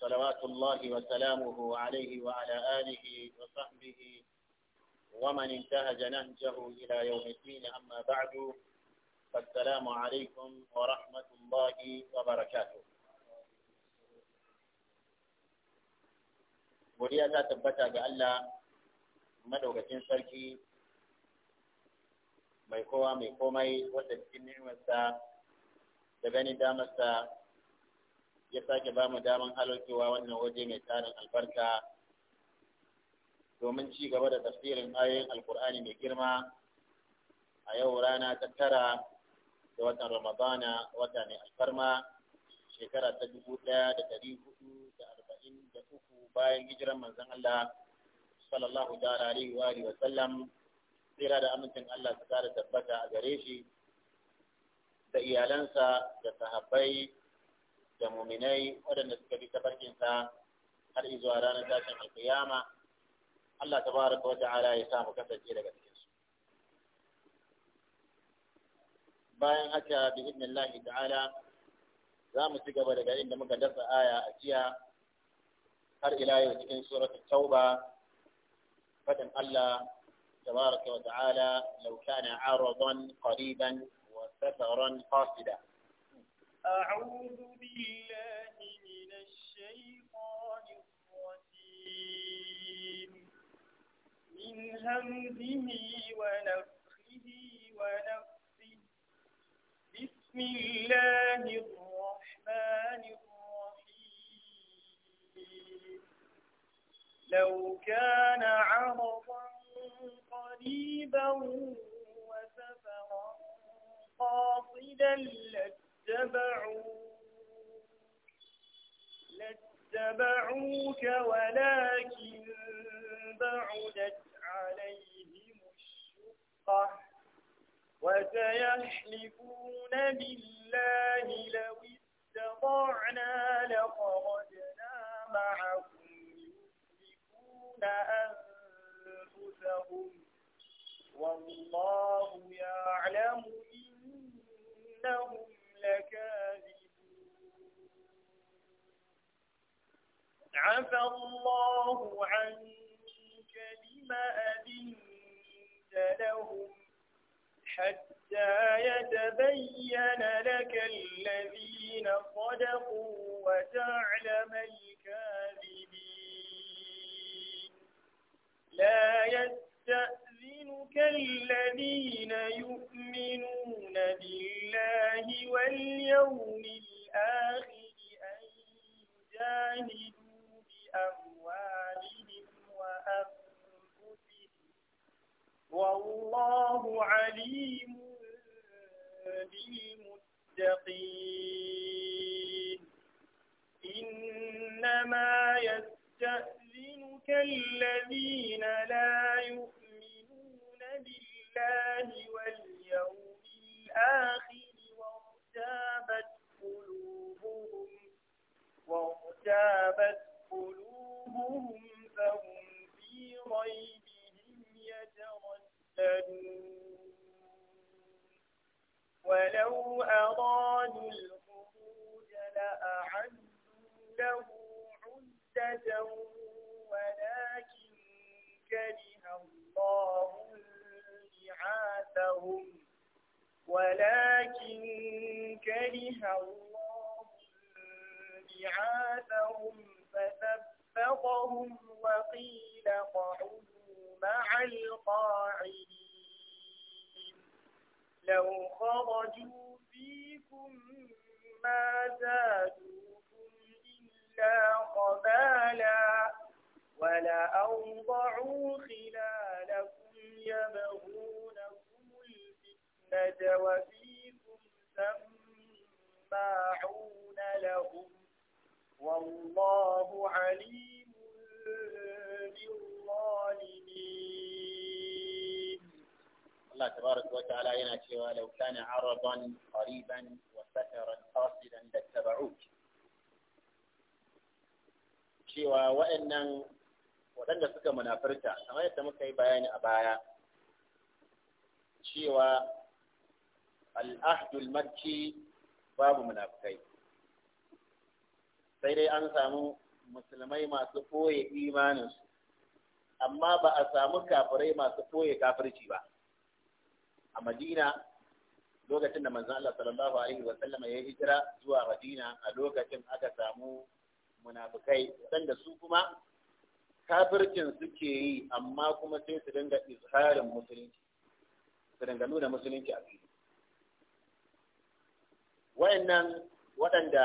صلوات الله وسلامه عليه وعلى آله وصحبه ومن انتهج نهجه إلى يوم الدين أما بعد فالسلام عليكم ورحمة الله وبركاته godiya ta tabbata بألا Allah madaukakin sarki mai kowa mai komai wanda cikin ya sake ba mu daman halarcewa wannan waje mai tarin albarka domin ci gaba da tafsirin ayoyin alkur'ani mai girma a yau rana ta tara da watan ramadana wata mai alfarma shekara ta dubu ɗaya da ɗari hudu da arba'in da uku bayan hijiran manzon Allah sallallahu ta'ala alaihi wa alihi wa sallam tsira da amincin Allah su kara tabbata a gare shi da iyalansa da sahabbai da muminai waɗanda suka bi tafarkinsa har izuwa ranar tashin alkiyama Allah tabaraka wa ta'ala ya samu kasance daga cikin su bayan haka bi idnillahi ta'ala za mu ci gaba daga inda muka dasa aya a jiya har ila yau cikin suratul tauba fadin Allah tabaraka wa ta'ala law kana aradan qariban wa safaran qasida أعوذ بالله من الشيطان الرجيم من همزه ونفخه ونفسه بسم الله الرحمن الرحيم لو كان عرضا قريبا وسفرا قاصدا لك لاتبعوك لاتبعوك ولكن بعدت عليهم الشقة وسيحلفون بالله لو استطعنا لخرجنا معكم يهلكون أنفسهم والله يعلم إنهم عفى الله عنك لما أذنت لهم حتى يتبين لك الذين صدقوا وتعلم الكاذبين لا يستأذن نؤمنك الذين يؤمنون بالله واليوم الآخر أن يجاهدوا بأموالهم وأنفسهم والله عليم بالمتقين إنما يستأذنك الذين لا يؤمنون بالله واليوم الآخر وارتابت قلوبهم وارتابت قلوبهم فهم في ريبهم يترددون ولو أرادوا الخروج لأعدوا له عدة ولكن كره الله نعاسهم ولكن كره الله بعاثهم فثبطهم وقيل قعدوا مع القاعدين لو خرجوا فيكم ما زادوكم إلا خبالا ولأوضعوا خلالكم يبغون النجوى فيكم سماعون لهم والله عليم بالظالمين الله تبارك وتعالى ينأتي لو كان عرضا قريبا وسفرا قاصدا لاتبعوك cewa waɗannan waɗanda suka munafurta kamar yadda muka yi bayani a baya cewa al'ahdul makki babu munafukai sai dai an samu musulmai masu ɓoye imaninsu amma ba a samu kafirai masu ɓoye kafirci ba a madina lokacin da manzan Allah sallallahu alaihi wa sallam ya hijira zuwa madina a lokacin aka samu munafukai sanda su kuma kafircin suke yi amma kuma sai su dinga izharin musulunci su dinga nuna musulunci a fili wayannan waɗanda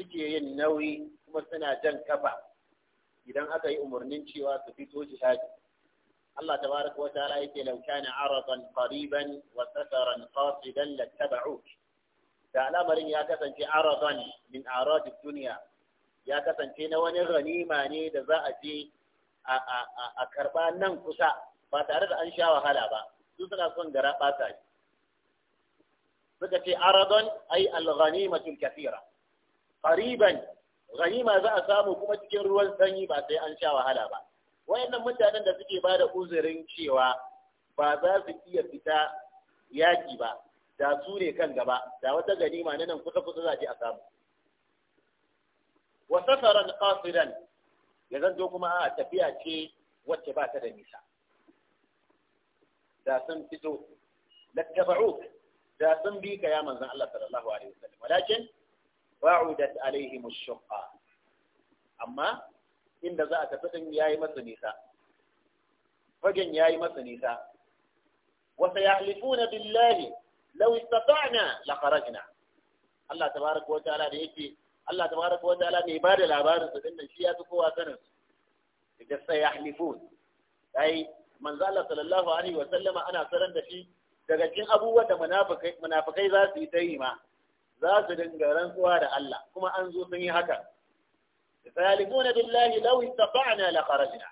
suke yin nauyi kuma suna jan kafa idan aka yi umarnin cewa su fito jihadi Allah tabaraka wataala yake law kana aradan qariban wa safaran qasidan lattaba'uk da al'amarin ya kasance aradan min aradid dunya ya kasance na wani ganima ne da za a je a karba nan kusa ba tare da an sha wahala ba su suna son gara ɓata ne suka ce aradon ai alghanimatul kathira qariban ghanima za a samu kuma cikin ruwan sanyi ba sai an sha wahala ba wayannan mutanen da suke bada uzurin cewa ba za su iya fita yaki ba da su ne kan gaba da wata ganima na nan kusa kusa za a samu wa safaran qasidan ya zanto kuma a tafiya ce wacce ba ta da nisa da sun fito lattaba'uk da sun bi ka ya manzan Allah sallallahu alaihi wasallam walakin wa'udat alaihim ash-shaqqa amma inda za a tafi din yayi masa nisa fagen yayi masa nisa wa sayahlifuna billahi law istata'na la kharajna Allah tabaaraka wa ta'ala da yake Allah tabaaraka wa ta'ala ne ba da labarin su dinnan shi ya fi kowa sanin su da sayahlifun dai manzo Allah sallallahu alaihi wa sallama ana sanar da shi daga cikin abubuwan da munafikai za su yi ta yi ma za su dinga rantsuwa da Allah kuma an zo sun yi haka sayalimuna billahi law istata'na la kharajna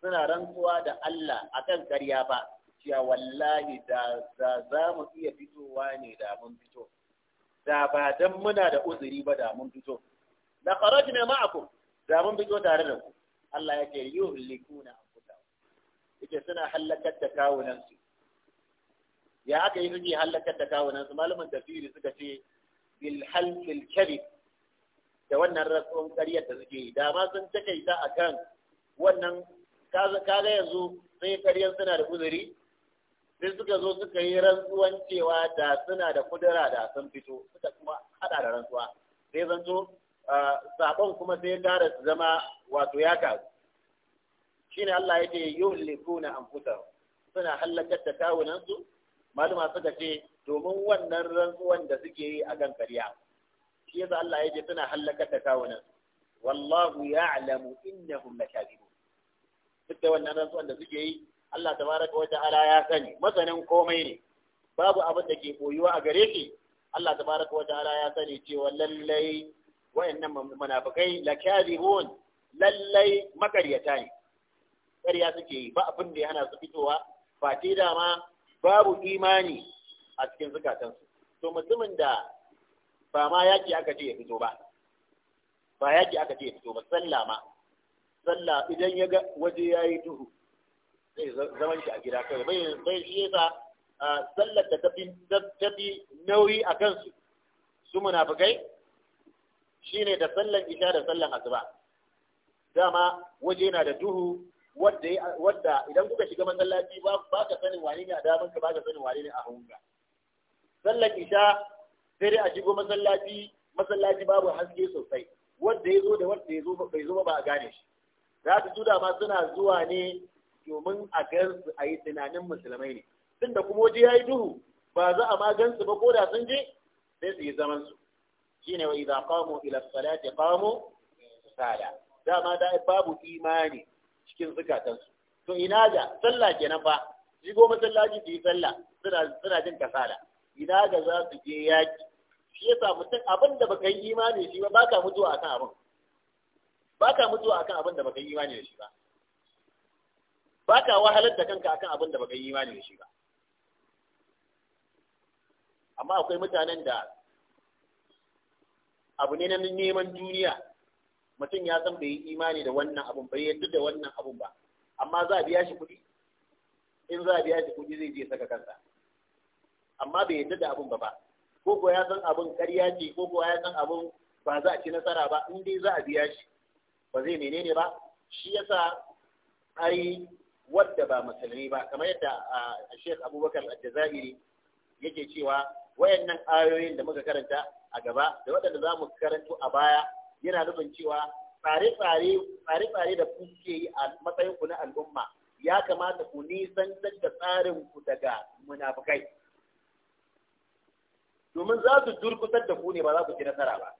suna rantsuwa da Allah akan ƙarya ba cewa wallahi da za mu iya fitowa ne da mun fito da ba dan muna da uzuri ba da mun fito la kharajna ma'akum da mun fito tare da ku Allah yake yuhlikuna anfusahum yake suna halakar da kawunan su ya aka yi suke halakar da kawunan su malaman firi suka ce bil halfil da wannan rasuwan karyar da suke yi da ma sun a akan wannan kaga yanzu sai karyar suna da uzuri sai suka zo suka yi rantsuwan cewa da suna da kudura da sun fito suka kuma hada da rantsuwa sai zanto sabon kuma sai gara su zama wato ya kazu shine Allah ya ce yuhlikuna anfusahum suna halakar da kawunan su malama suka ce domin wannan rantsuwan da suke yi a kan ƙarya shi yasa Allah ya ce suna hallakar da kawunan wallahu ya'lamu innahum lakadibun duk da wannan rantsuwan da suke yi Allah tabaraka wa ta'ala ya sani masanin komai ne babu abin da ke koyuwa a gare shi Allah tabaraka wa ta'ala ya sani cewa lallai wayannan munafikai lakadibun lallai makaryata ne ƙarya suke yi ba abin da ya hana su fitowa fati ma. babu imani a cikin zukatansu to mutumin da ba ma yaki aka ce ya fito ba ba yaki aka ce ya fito ba sallah ma sallah idan ya ga waje ya yi duhu zai zaman shi a gida kawai bai bai shi yasa sallar da tafi tafi nauyi a kansu su munafikai shine da sallar isha da sallar asuba dama waje na da duhu wadda idan kuka shiga masallaci ba ka sanin wani ne a ka ba ka sanin wani ne a hunga sallar isha sai dai a shigo masallaci masallaci babu haske sosai Wadda ya zo da wadda ya zo bai zo ba a gane shi za su tuda ma suna zuwa ne domin a gan su a yi tunanin musulmai ne tunda kuma waje ya yi duhu ba za a ma gan su ba ko da sun je sai su yi zaman su shine wa idza qamu ila salati qamu sala dama da babu imani cikin zukatansu to ina ga sallah kenan fa shigo masallaci su yi sallah suna suna jin kasala ina ga za su je yaki shi yasa mutum abin da baka yi imani shi ba baka mutuwa akan abin baka mutuwa akan abin da baka yi imani da shi ba baka wahalar da kanka akan abin da baka yi imani da shi ba amma akwai mutanen da abu ne na neman duniya mutum ya san bai yi imani da wannan abun bai yadda da wannan abun ba amma za a biya shi kuɗi in za a biya shi kuɗi zai je saka kansa amma bai yadda da abun ba ba ko ko ya san abun ƙarya ce ko ko ya san abun ba za a ci nasara ba in dai za a biya shi ba zai menene ba shi yasa ai wadda ba musulmi ba kamar yadda a Sheikh Abubakar Al-Jazairi yake cewa wayannan ayoyin da muka karanta a gaba da waɗanda za mu karanto a baya yana nufin cewa tsare-tsare da kuke yi a matsayin ku na al'umma ya kamata ku nisantar da tsarin ku daga munafukai domin za su durkutar da ku ne ba za ku ci nasara ba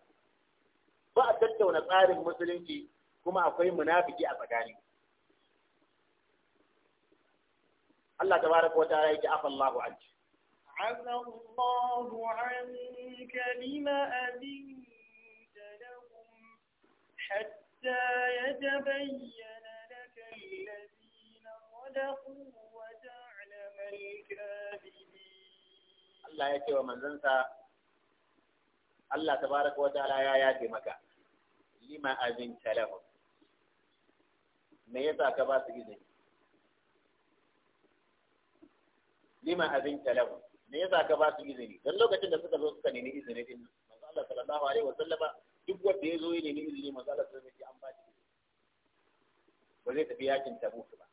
ba a tattauna tsarin musulunci kuma akwai munafuki a tsakani Allah tabaraka wa ta'ala yake afa Allahu anki عفى الله عنك Allah ya لك الذين صدقوا Allah الكاذبين الله يكي ومن زنسى الله تبارك me yasa ka ba su izini lima abin lahum me yasa ka ba su izini Don lokacin da suka zo suka nemi izini din manzo Allah sallallahu alaihi wasallama duk wanda ya zo ya nemi izini manzo ala sallallahu alaihi an ba shi ba zai tafi yakin Tabuk ba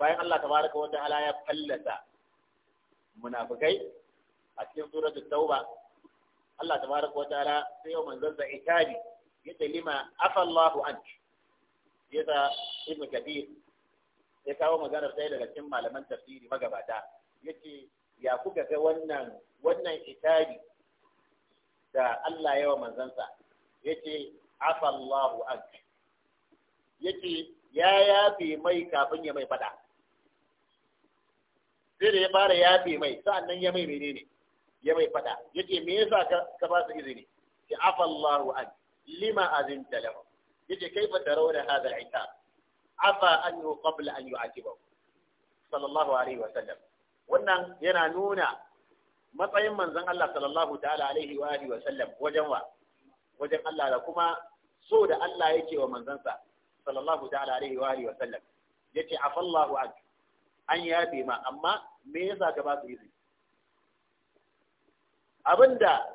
bayan Allah tabaraka wa ta'ala ya fallasa munafikai a cikin suratul tauba Allah tabaraka wa ta'ala sai yau manzon sa itabi yace lima afa Allahu ya yasa ibn kabir ya kawo maganar sai daga cikin malaman tafsiri magabata yace ya kuka ga wannan wannan itabi da Allah yawa manzansa yace afallahu ank yace ya ce ya yafe mai kafin ya mai fada sai da ya fara yafe mai nan ya mai menene ya mai fada ce me yasa ka ba su izini ya afallahu ank lima Ya ce kai ba tarau da al-itab afa wa kwabla an ba, sallallahu alaihi wa sallam wannan yana nuna matsayin manzon Allah sallallahu ta'ala alaihi wa alihi wa sallam wajen wa wajen Allah da kuma so da Allah yake wa manzansa sallallahu ta'ala alaihi wa alihi wa sallam yace afallahu anka an yafe ma amma me yasa ka ba su izini abinda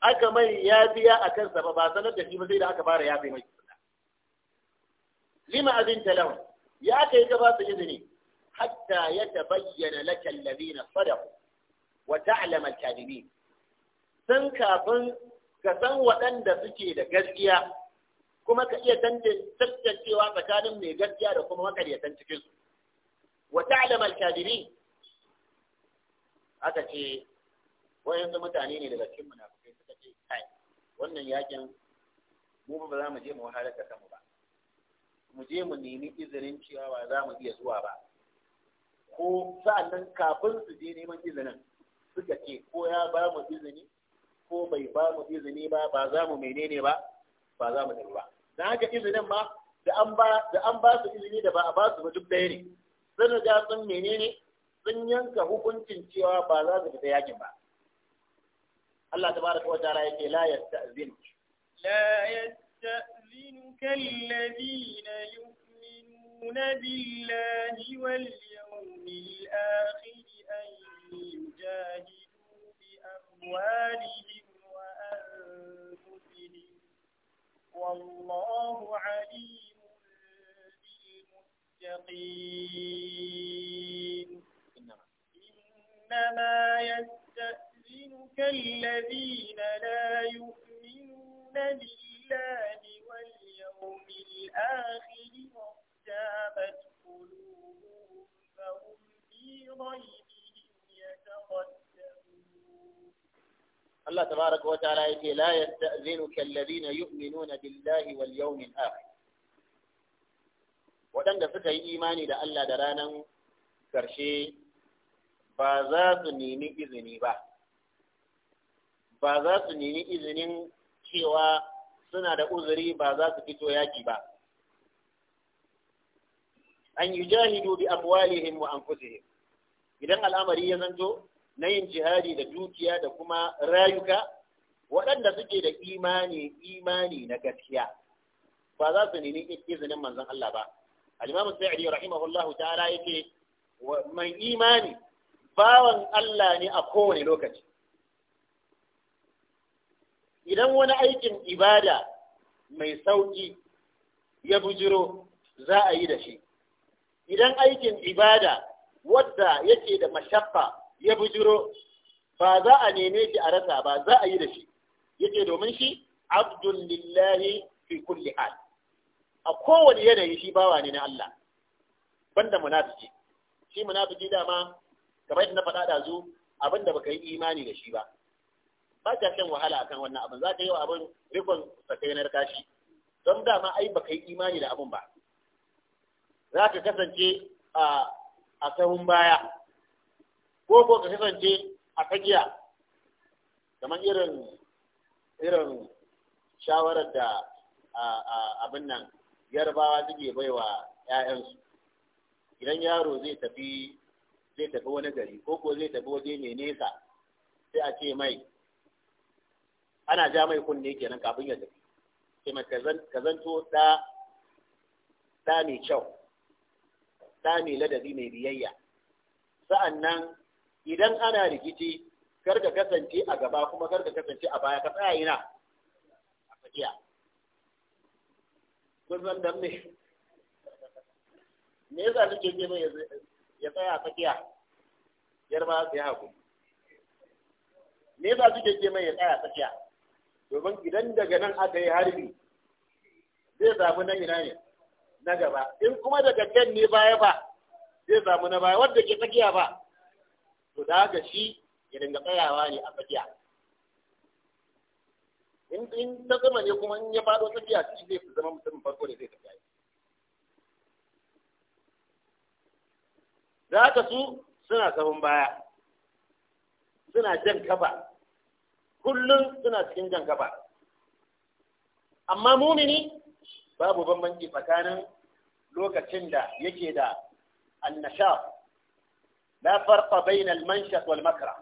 aka mai biya a kansa ba ba sanar da shi ba sai da aka fara yafe mai lima abin talahu ya kai ka ba su izini hatta ya lakal ladina sadaqu wa ta'lam al-kadibin san kafin ka san waɗanda suke da gaskiya kuma ka iya tantancewa tsakanin mai gaskiya da kuma makaryatan cikin su wa ta'lam al-kadibin aka ce wayansu mutane ne daga cikin munafikai suka ce kai wannan yakin mu ba za mu je mu wahalar da kanmu ba mu je mu nemi izinin cewa ba za mu iya zuwa ba ko sa'annan kafin su je neman izinin suka ce ko ya ba mu izini ko bai ba mu izini ba ba za mu menene ba ba za mu ba dan haka izinin ma da an ba da an ba su izini da ba a ba su ba duk ɗaya ne sun riga sun menene sun yanka hukuncin cewa ba za su fita yakin ba Allah tabaraka wa ta'ala yake la yasta'zin la yasta'zinuka alladhina yu'minuna billahi wal yawmil akhir ay يجاهدوا بأموالهم وأنفسهم والله عليم بالمتقين إنما يستأذنك الذين لا يؤمنون بالله واليوم الآخر واستابت قلوبهم فهم في ريب Allah tabaraka wa ta'ala yake la yasta'zinuka alladhina yu'minuna billahi wal yawmil akhir waɗanda suka yi imani da Allah da ranar ƙarshe ba za su nemi izini ba ba za su nemi izinin cewa suna da uzuri ba za su fito yaki ba an yi jahidu bi amwalihim wa anfusihim idan al'amari ya zanto na yin jihadi da dukiya da kuma rayuka waɗanda suke da imani imani na gaskiya ba za su nemi izinin manzon Allah ba al-imam sa'idi rahimahullahu ta'ala yake mai imani bawan Allah ne a kowane lokaci idan wani aikin ibada mai sauki ya bujiro za a yi da shi idan aikin ibada wadda yake da mashaffa ya bujiro ba za a neme shi a rasa ba za a yi da shi yake domin shi abdun lillahi fi kulli hal a kowane yanayi shi bawa ne na Allah banda munafiki shi munafiki dama kamar yadda na faɗa da zu abinda baka yi imani da shi ba ba ka shan wahala akan wannan abin za ka yi wa abin rikon sakainar kashi don dama ai baka yi imani da abin ba za ka kasance a a sahun baya ko ko ka kasance a tsakiya kamar irin irin shawarar da abin nan yarbawa suke baiwa 'ya'yansu idan yaro zai tafi zai tafi wani gari ko ko zai tafi waje mai nesa sai a ce mai ana ja mai kunne kenan kafin ya tafi sai mai ka zanto da mai kyau ɗa mai ladabi mai biyayya sa'annan idan ana rikici kar ka kasance a gaba kuma kar ka kasance a baya ka tsaya yana a tsakiya kun san dan me za su nake mai ya tsaya a tsakiya yar ba sai haku me za su ce mai ya tsaya a tsakiya domin idan daga nan aka yi harbi zai samu nan ina ne na gaba in kuma daga kan ne baya ba zai samu na baya wadda ke tsakiya ba to da haka shi ya dinga tsayawa ne a tsakiya in in ta zama ne kuma in ya faɗo tsakiya shi zai fi zama mutum farko da zai tafiya da haka su suna sabon baya suna jan kafa kullum suna cikin jan kafa amma mumini babu bambanci tsakanin lokacin da yake da annasha Na farfa bainal manshat wal makra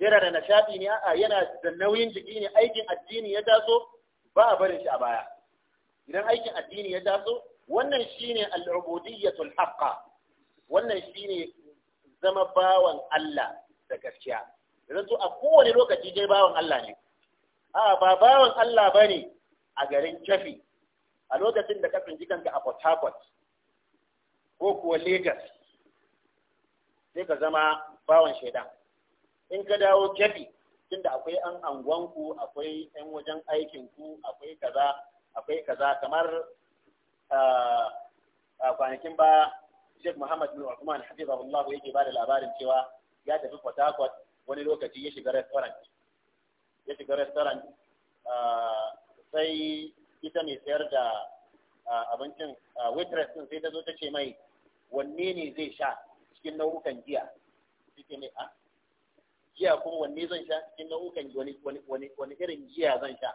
da nashadi ne a yana da nauyin jiki ne aikin addini ya taso ba a barin shi a baya idan aikin addini ya taso wannan shine al-ubudiyyatul haqqa wannan shine zama bawan Allah da gaskiya yanzu a kowane lokaci dai bawan Allah ne a ba bawan Allah bane a garin Kefi a lokacin da kafin jikan ga a Port Harcourt ko kuwa Lagos sai ka zama bawan shaidan in ka dawo tun tunda akwai an angonku akwai yan wajen aikinku akwai kaza akwai kaza kamar ah, a kwanakin ba Sheikh Muhammad bin Uthman hafizahullah yake ba da labarin cewa ya tafi Port Harcourt wani lokaci ya shiga restaurant ya shiga restaurant ah, sai ita mai sayar da abincin waitress din sai ta zo ta ce mai wanne ne zai sha cikin nau'ukan giya sai mai a ah, giya kuma wanne zan sha cikin nau'ukan wani wani irin giya zan sha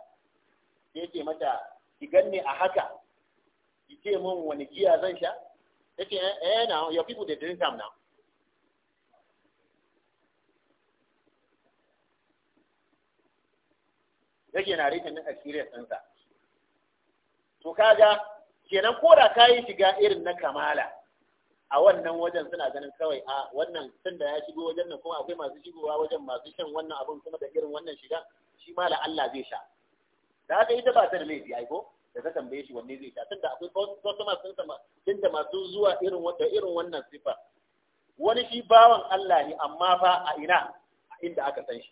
sai ce mata ki ganne a haka ki ce min wani giya zan sha Ta eh, eh now your people da drink am now yake na rikin na experience ɗinsa to kaga kenan ko da ka yi shiga irin na kamala a wannan wajen suna ganin kawai a wannan tun da ya shigo wajen nan kuma akwai masu shigowa wajen masu shan wannan abin kuma da irin wannan shiga shi ma la Allah zai sha da haka ita ba ta da laifi aiko da ta tambaye shi wanne zai sha tun da akwai customers sun sama tun da masu zuwa irin irin wannan sifa wani shi bawan Allah ne amma fa a ina a inda aka san shi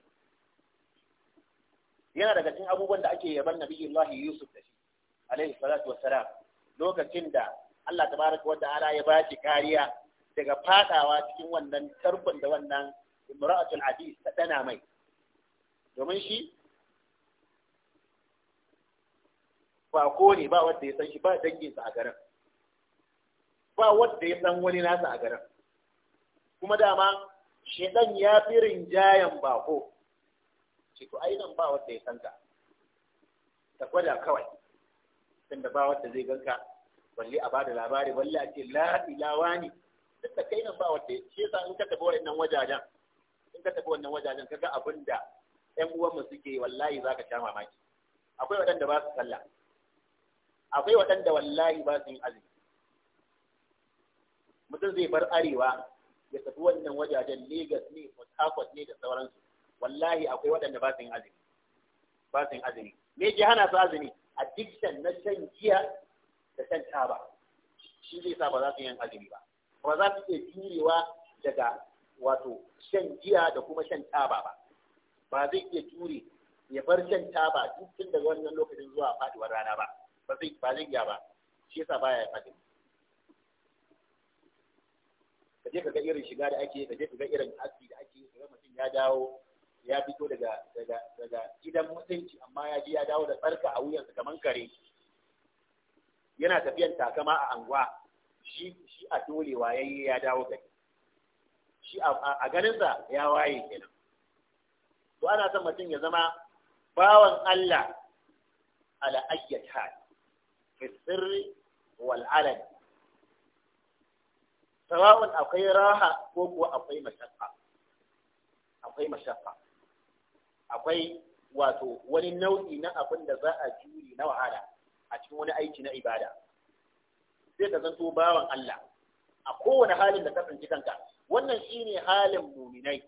yana daga cikin abubuwan da ake yaban nabiyullahi yusuf da shi alaihi salatu wassalam lokacin da Allah tabaraka wa ta'ala ya ba shi kariya daga fadawa cikin wannan tarkon da wannan imra'atul aziz ta dana mai domin shi ba ko ne ba wanda ya san shi ba danginsa a garin ba wanda ya san wani nasa a garin kuma dama shedan ya fi rinjayen bako ce to ai nan ba wanda ya san ka ta gwada kawai tunda ba wanda zai ganka balle a bada labari balle a ce la ilawa ne duk da kai nan ba wanda shi yasa in ka tafi wannan wajajen in ka tafi wannan wajajen kaga abin da ƴan uwanmu suke wallahi zaka sha mamaki akwai waɗanda ba su sallah akwai waɗanda wallahi ba su yin azumi mutum zai bar arewa ya tafi wannan wajajen Legas ne Port Harcourt ne da sauransu wallahi akwai waɗanda ba su yin azumi ba su yin azumi me ke hana su azumi addiction na shan giya da shan taba shi zai sa ba za su yin azumi ba ba za su iya jurewa daga wato shan giya da kuma shan taba ba ba zai iya jure ya bar shan taba duk tun daga wannan lokacin zuwa faduwar rana ba ba zai ba zai iya ba shi yasa baya ya fadi ka je ka ga irin shiga da ake ka je ka ga irin aski da ake ka ga mutum ya dawo ya fito daga daga daga gidan mutunci amma ya ji ya dawo da tsarka a wuyansa kaman kare yana tafiyan takama a anguwa shi shi a dolewa yayi ya dawo gari shi a ganinsa ya waye kenan to ana son mutum ya zama bawan Allah ala ayyat hal fi sirri wal alad sawa'un akwai raha ko kuwa akwai mashaqqa akwai mashaqqa akwai wato wani nau'i na abin da za a juri na wahala a cikin wani aiki na ibada sai ka zanto bawan Allah a kowane halin da ka tsinci kanka wannan shine halin muminai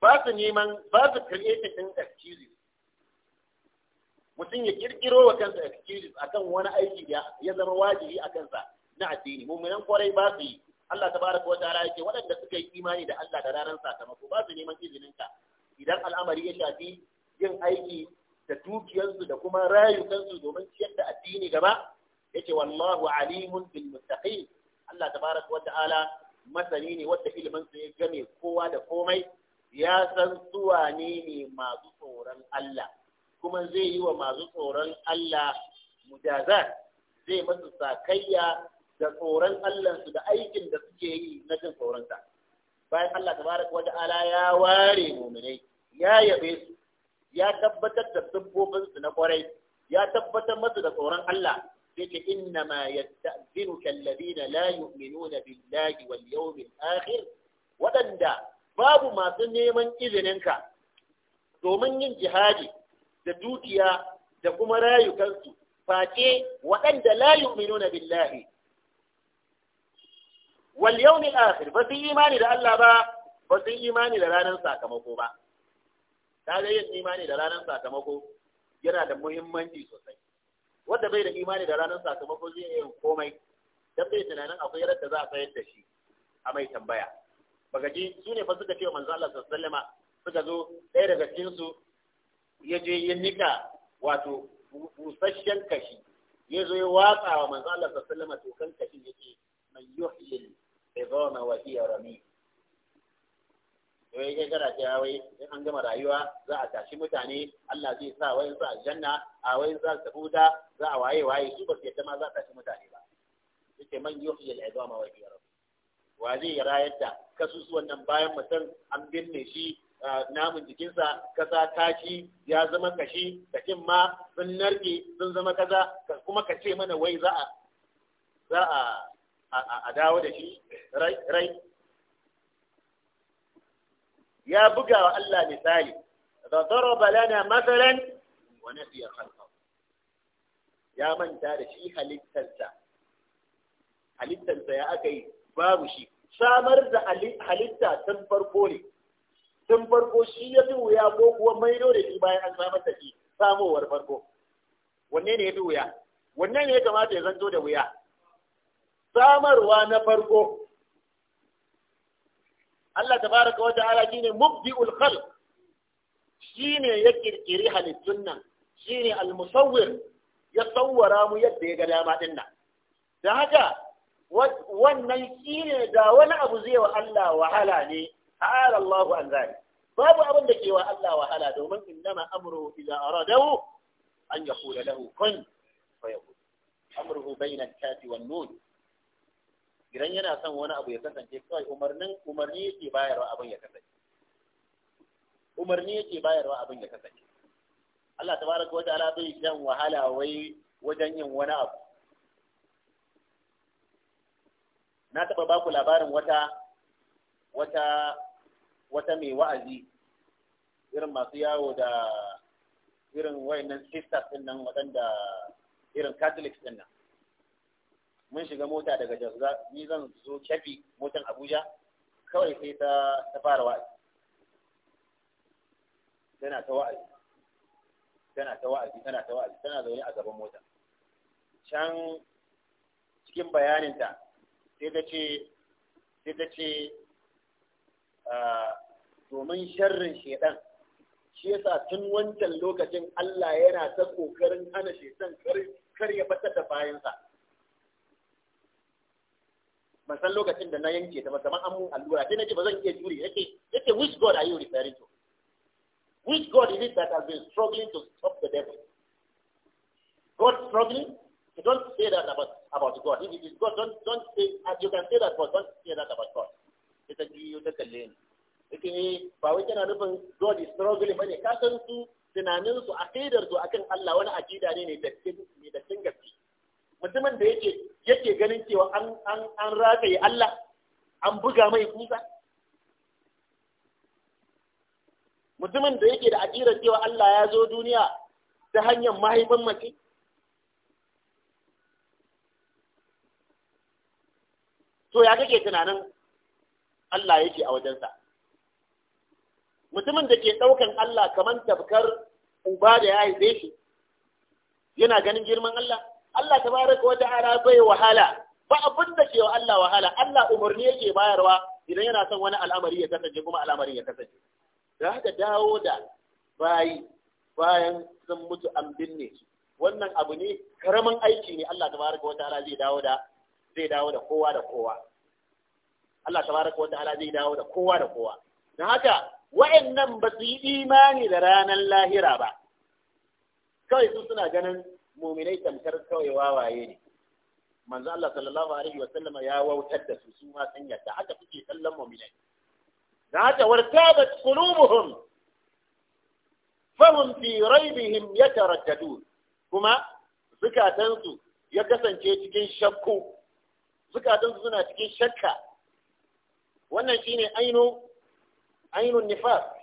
ba su neman ba su creating din excuses mutum ya kirkiro wa kansa excuses akan wani aiki da ya zama wajibi a kansa na addini muminan kwarai ba su yi Allah tabaraka wa ta'ala yake waɗanda suka yi imani da Allah da ranar sakamako ba su neman izinin ka idan al'amari ya shafi yin aiki da dukiyarsu da kuma rayukansu domin ciyar da addini gaba ce wallahu alimun bil muttaqin Allah tabaraka wa ta'ala masani ne wanda ilimin ya game kowa da komai ya san suwa ne ne masu tsoron Allah kuma zai yi wa masu tsoron Allah mujazat zai masu sakayya da tsoron Allah su da aikin da suke yi na jin tsoron sa bayan Allah tabaraka wa ta'ala ya ware mu'minai ya yabe su ya tabbatar da siffofin su na kwarai ya tabbatar masu da tsoron Allah sai ce inna ma yasta'zinuka alladhina la yu'minuna billahi wal yawmil akhir wadanda babu masu neman izininka domin yin jihadi da dukiya da kuma rayukansu face waɗanda la yu'minuna billahi wal yawmil akhir ba su imani da Allah ba ba su imani da ranar sakamako ba ga yin imani da ranar sakamako yana da muhimmanci sosai wanda bai da imani da ranar sakamako zai iya yin komai dan bai tunanin akwai yadda za a sayar da shi a mai tambaya baka ji su ne fa suka ce wa manzo Allah sallallahu suka zo ɗaya daga cikin su ya je ya nika wato busasshen kashi ya zo ya watsa wa manzo Allah sallallahu alaihi wasallam tokan kashi yake mai yuhilil izoma wa hiya rami wai ya gara cewa wai in an gama rayuwa za a tashi mutane Allah zai sa wai su janna, a wai za su huda za a waye waye su ba su yadda ma za a tashi mutane ba yace man yuhyi al-izama wa hiya rami wa zai rayar da kasusuwan nan bayan mutum an binne shi namun jikinsa kasa tashi ya zama kashi kashin ma sun narke sun zama kaza kuma ka ce mana wai za a za a a dawo da shi rai ya buga wa Allah misali da daraba lana masalan wa nasiya khalqahu ya manta da shi halittarsa halittarsa ya aka yi babu shi samar da halitta tun farko ne tun farko shi ya fi wuya ko kuwa maido da shi bayan an samar da shi samowar farko wanne ne ya fi wuya wannan ne ya kamata ya zanto da wuya samarwa na farko Allah tabaraka wa ta'ala shine mubdi'ul khalq shine ya kirkiri halittun nan shine al-musawwir ya tsawwara mu yadda ya ga dama din nan da haka wannan shine da wani abu zai wa Allah wahala ne ta'ala Allahu an zali babu abin da ke wa Allah wahala domin innama amruhu idza aradahu an yaqula lahu kun fayakun amruhu bayna al-kafi wan nun idan yana son wani abu ya kasance kawai umarnin umarni yake bayarwa abin ya kasance umarni yake bayarwa abin ya kasance Allah tabaraka wa ta'ala bai jan wahala wai wajen yin wani abu na taba ba ku labarin wata wata wata mai wa'azi irin masu yawo da irin wayannan sisters din nan waɗanda irin catholics din nan mun shiga mota daga jazza ni zan zo kyafi motan abuja kawai sai ta ta fara wa'azi tana ta wa'azi tana ta wa'azi tana ta wa'azi tana zaune a gaban mota can cikin bayaninta sai ta ce sai ta ce ah, domin sharrin shedan shi yasa tun wancan lokacin Allah yana ta kokarin hana shedan kar ya fata da bayansa ban san lokacin da na yanke ta ba kamar allura sai nace ba zan iya jure yake yake which god are you referring to which god is it that has been struggling to stop the devil god struggling you don't say that about about god if it is god don't don't say uh, you can say that but don't say that about god It's a ji ta a ni yake eh, ba wai kana nufin god is struggling bane ka san su tunanin su akidar su akan Allah wani akida ne ne da cin ne da cin gaske mutumin da yake yake ganin cewa an an an rataye Allah an buga mai kusa mutumin da yake da aƙirar cewa Allah ya zo duniya ta hanyar mahaifin mace to ya kake tunanin Allah yake a wajensa mutumin da ke ɗaukan Allah kamar tafkar uba da ya haife shi yana ganin girman Allah Allah tabaraka wa ta'ala bai wahala ba abin da ke wa Allah wahala Allah umarni yake bayarwa idan yana son wani al'amari ya kasance kuma al'amari ya kasance da haka dawo da bayi bayan sun mutu an binne su wannan abu ne karamin aiki ne Allah tabaraka wa ta'ala zai dawo da zai dawo da kowa da kowa Allah tabaraka wa ta'ala zai dawo da kowa da kowa da haka wa'annan ba su yi imani da ranar lahira ba kawai su suna ganin mu'minai tamkar kawai wawaye ne manzo Allah sallallahu alaihi wasallam ya wautar da su su ma sun yadda haka suke kallon mu'minai da haka wartabat qulubuhum fahum fi raibihim yataraddadun kuma zukatansu ya kasance cikin shakku zukatansu suna cikin shakka wannan shine ainu ainun nifas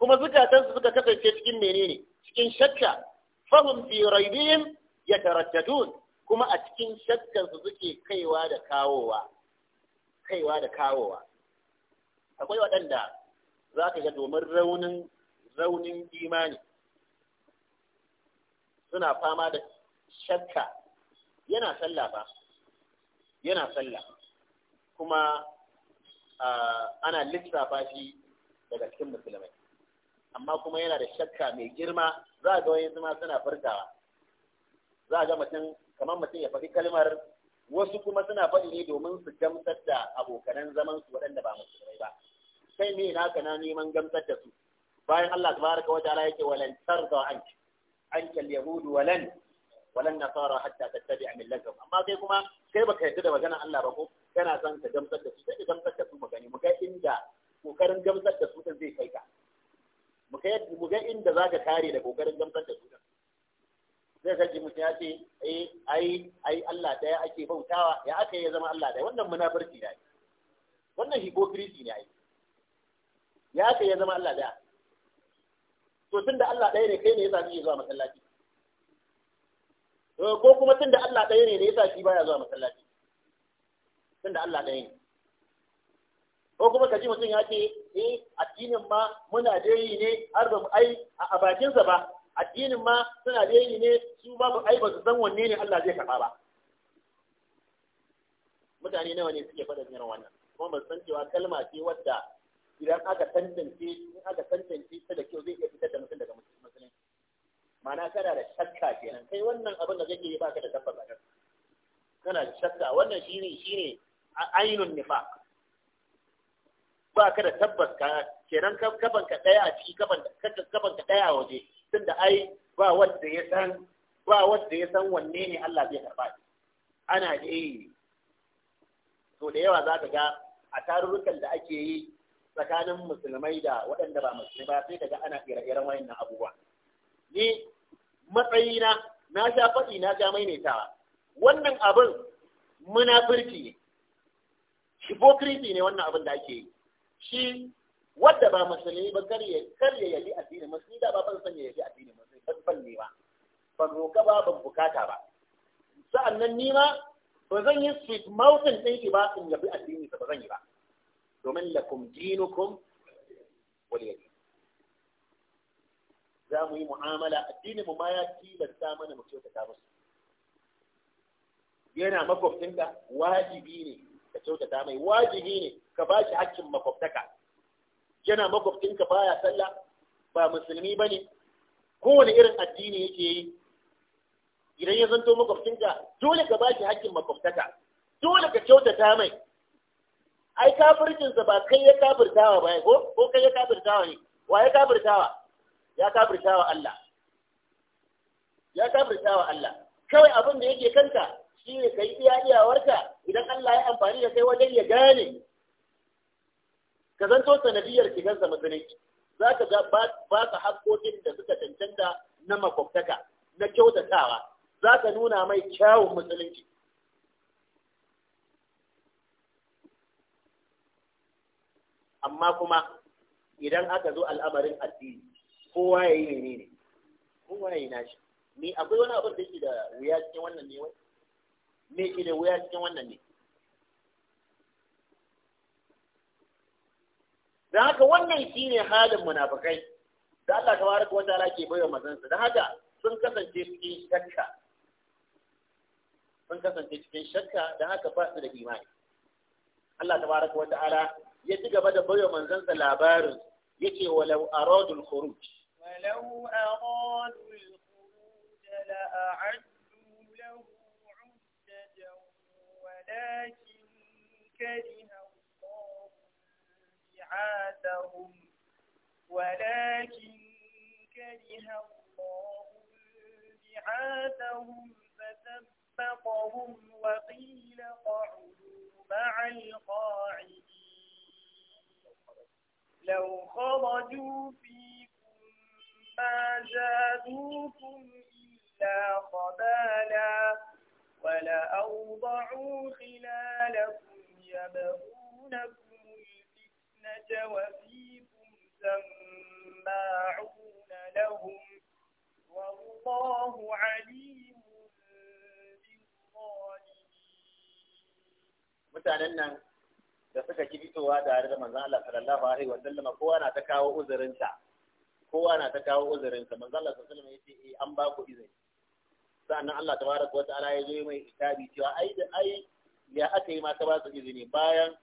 kuma zukatansu suka kasance cikin menene cikin shakka fahum fi ya yataraddadun kuma a cikin shakkan su suke kaiwa da kawowa kaiwa da kawowa akwai waɗanda za ka ga domin raunin raunin imani suna fama da shakka yana sallah ba yana sallah kuma ah, ana lissafa shi daga cikin musulmai amma kuma yana da shakka mai girma za ga wani zama suna furtawa za ga mutum kamar mutum ya faɗi kalmar wasu kuma suna faɗi ne domin su gamsar da abokanan zaman su waɗanda ba musu ba sai me na na neman gamsar da su bayan Allah tabaraka wa ta'ala yake walan tarda anki anki al-yahud walan walan nasara hatta tattabi'a millatuhum amma kai kuma kai baka yarda da maganar Allah ba ko kana son ka gamsar da su sai gamsar da su mu gani mu ga inda kokarin gamsar da su din zai kai ka mu ga inda za ka kare da kokarin gamsar da su zai kaji mutum ya ce eh, ai ai Allah daya ake bautawa ya aka yi zama Allah ɗaya. wannan munafurci ne wannan hypocrisy ne ai ya aka yi zama Allah ɗaya. to tun da Allah ɗaya ne kai ne yasa kake zuwa masallaci eh, ko kuma tun da Allah ɗaya ne ne sa shi baya zuwa masallaci Tun da Allah ɗaya ne ko kuma kaji mutum ya ce eh addinin ma muna dai ne har ba mu ai a bakinsa ba addinin ma suna dai ne su ba mu ai ba su san wanne ne Allah zai karba ba mutane nawa ne suke faɗa irin wannan kuma ba san cewa kalma ce wadda idan aka tantance in aka tantance ta da kyau zai iya fitar da mutum daga musulunci ma'ana kana da shakka kenan kai wannan abin da kake yi baka da tabbas a kana da shakka wannan shine shine ainun nifaq ba ka da tabbas ka kenan kafan ka daya a ciki kafan kafan ka daya a waje tunda ai ba wanda ya san ba wanda ya san wanne ne Allah zai karba ana da yi to da yawa za ka ga a tarurrukan da ake yi tsakanin musulmai da waɗanda ba musulmai ba sai daga ana ire-iren wayannan abubuwa ni matsayina na sha faɗi na sha maimaitawa wannan abin munafurci ne hypocrisy ne wannan abin da ake yi shi wadda ba musulmi ba kar ya kar ya yi addini musulmi da ba ban san ya yi addini musulmi ban ban ne ba ban roka ba ban bukata ba sa'annan ni ma ba zan yi sweet mountain din shi ba in yabi addini ba zan yi ba domin lakum dinukum wal yadi za mu yi mu'amala addinin mu ma ya tilasta mana mu kyautata musu yana makwabcinka wajibi ne ka kyautata mai wajibi ne ka ba shi hakkin makwabtaka yana makwabtinka baya sallah ba musulmi bane kowane irin addini yake yi idan ya zanto makwabcinka dole ka ba shi hakkin makwabtaka dole ka kyautata mai ai kafircinsa ba kai ya kafirtawa ba ko ko kai ya kafirtawa ne wa ya kafirtawa ya kafirtawa Allah ya kafirtawa Allah kawai abin da yake kanka shi ne ka yi iya iyawarka idan Allah ya amfani da kai wajen ya gane ka zanto sanadiyar shigarsa musulunci za ka ga ba ka haƙƙoƙin da suka cancanta na makwabtaka na kyautatawa za ka nuna mai kyawun musulunci amma kuma idan aka zo al'amarin addini kowa ya yi ne ne kowa ya yi nashi ni akwai wani abin da yake da wuya cikin wannan ne wai me ile da wuya cikin wannan ne da haka wannan shine halin munafikai da Allah ta tabaraka wata ala ke baiwa mazansu. da haka sun kasance cikin shakka sun kasance cikin shakka da haka ba su da imani Allah ta tabaraka wata ala ya ci gaba da baiwa mazansa labarin yace walau aradul khuruj walau aradul khuruj la a'ad ولكن كره الله بعاثهم ولكن كره الله بعاثهم فثبطهم وقيل قعدوا مع القاعدين لو خرجوا فيكم ما زادوكم إلا خبالا ولأوضعوا خلالكم يبغونكم الفتنة وفيكم سماعون لهم والله عليم mutanen nan da suka ki fitowa tare da manzon Allah sallallahu alaihi wa sallam kowa na ta kawo uzurinsa kowa na ta kawo uzurinsa manzon Allah sallallahu alaihi wa sallam yace eh an ba ku izini sa'annan Allah tabaraka wa ta'ala ya zo mai hisabi cewa ai da ai ya aka yi ma ba su izini bayan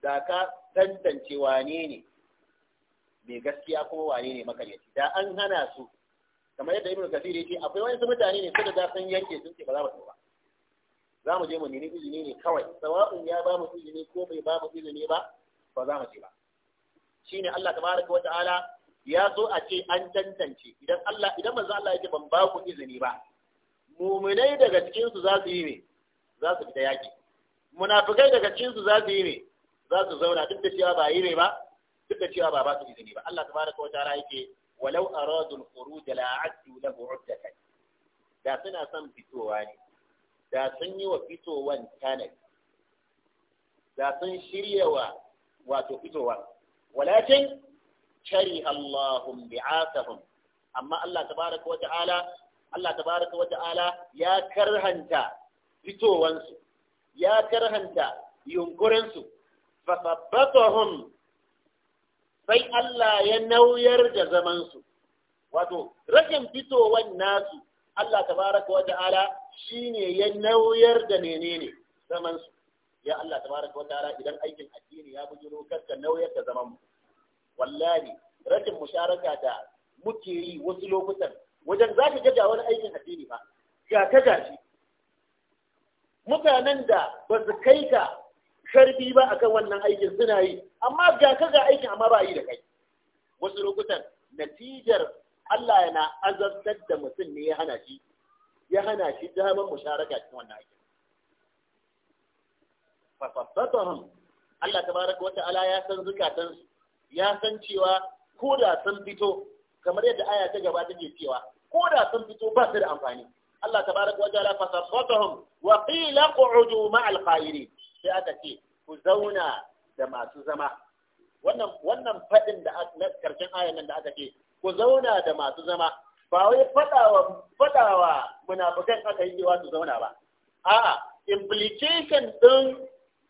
da ka tantance wane ne mai gaskiya kuma wane ne makaryaci da an hana su kamar yadda ibnu kasir yake akwai wani mutane ne suka da san yanke sun ce ba za mu ba za mu je mu nemi izini ne kawai sawa'un ya ba mu izini ko bai ba mu izini ba ba za mu ce ba shine Allah tabaraka wa ta'ala ya zo a ce an tantance idan Allah idan manzo Allah yake ban ba ku izini ba muminai daga cikinsu za su yi ne za su fita yaƙi munafikai daga cikinsu za su yi ne za su zauna duk da cewa ba yi ne ba duk da cewa ba ba su izini ba Allah tabaraka wa ta'ala yake walau aradul khuruj la a'addu lahu 'uddatan da suna son fitowa ne da sun yi wa fitowan tanadi da sun shirya wa wato fitowa walakin kari Allahum bi'asahum amma Allah tabaraka wa ta'ala Allah tabaraka wa ta'ala ya karhanta fitowansu ya karhanta yunkurinsu fasabbatahum sai Allah ya nauyar da zamansu wato rashin fitowan nasu Allah tabaraka wa ta'ala shine ya nauyar da menene zamansu ya Allah tabaraka wa ta'ala idan aikin addini ya bujuro kakka nauyar da zaman mu wallahi rashin musharaka da muke yi wasu lokutan wajen za ka gaja wani aikin addini ba ga ta gashi mutanen da ba su kai ka sharbi ba akan wannan aikin suna yi amma ga ka ga aikin amma ba yi da kai wasu lokutan natijar Allah yana azabtar da mutum ne ya hana shi ya hana shi damar musharaka cikin wannan aikin fasassatahum Allah tabaraka ala ya san zukatansu ya san cewa ko da sun fito kamar yadda aya ta gaba take cewa ko da sun fito ba su da amfani Allah ta tabaraka wa ta'ala fa sarfatahum wa qila qu'udu ma'al khairin sai aka ce ku zauna da masu zama wannan wannan fadin da na karshen ayan nan da aka ce ku zauna da masu zama ba wai fadawa fadawa munafikan aka yi cewa su zauna ba a'a implication din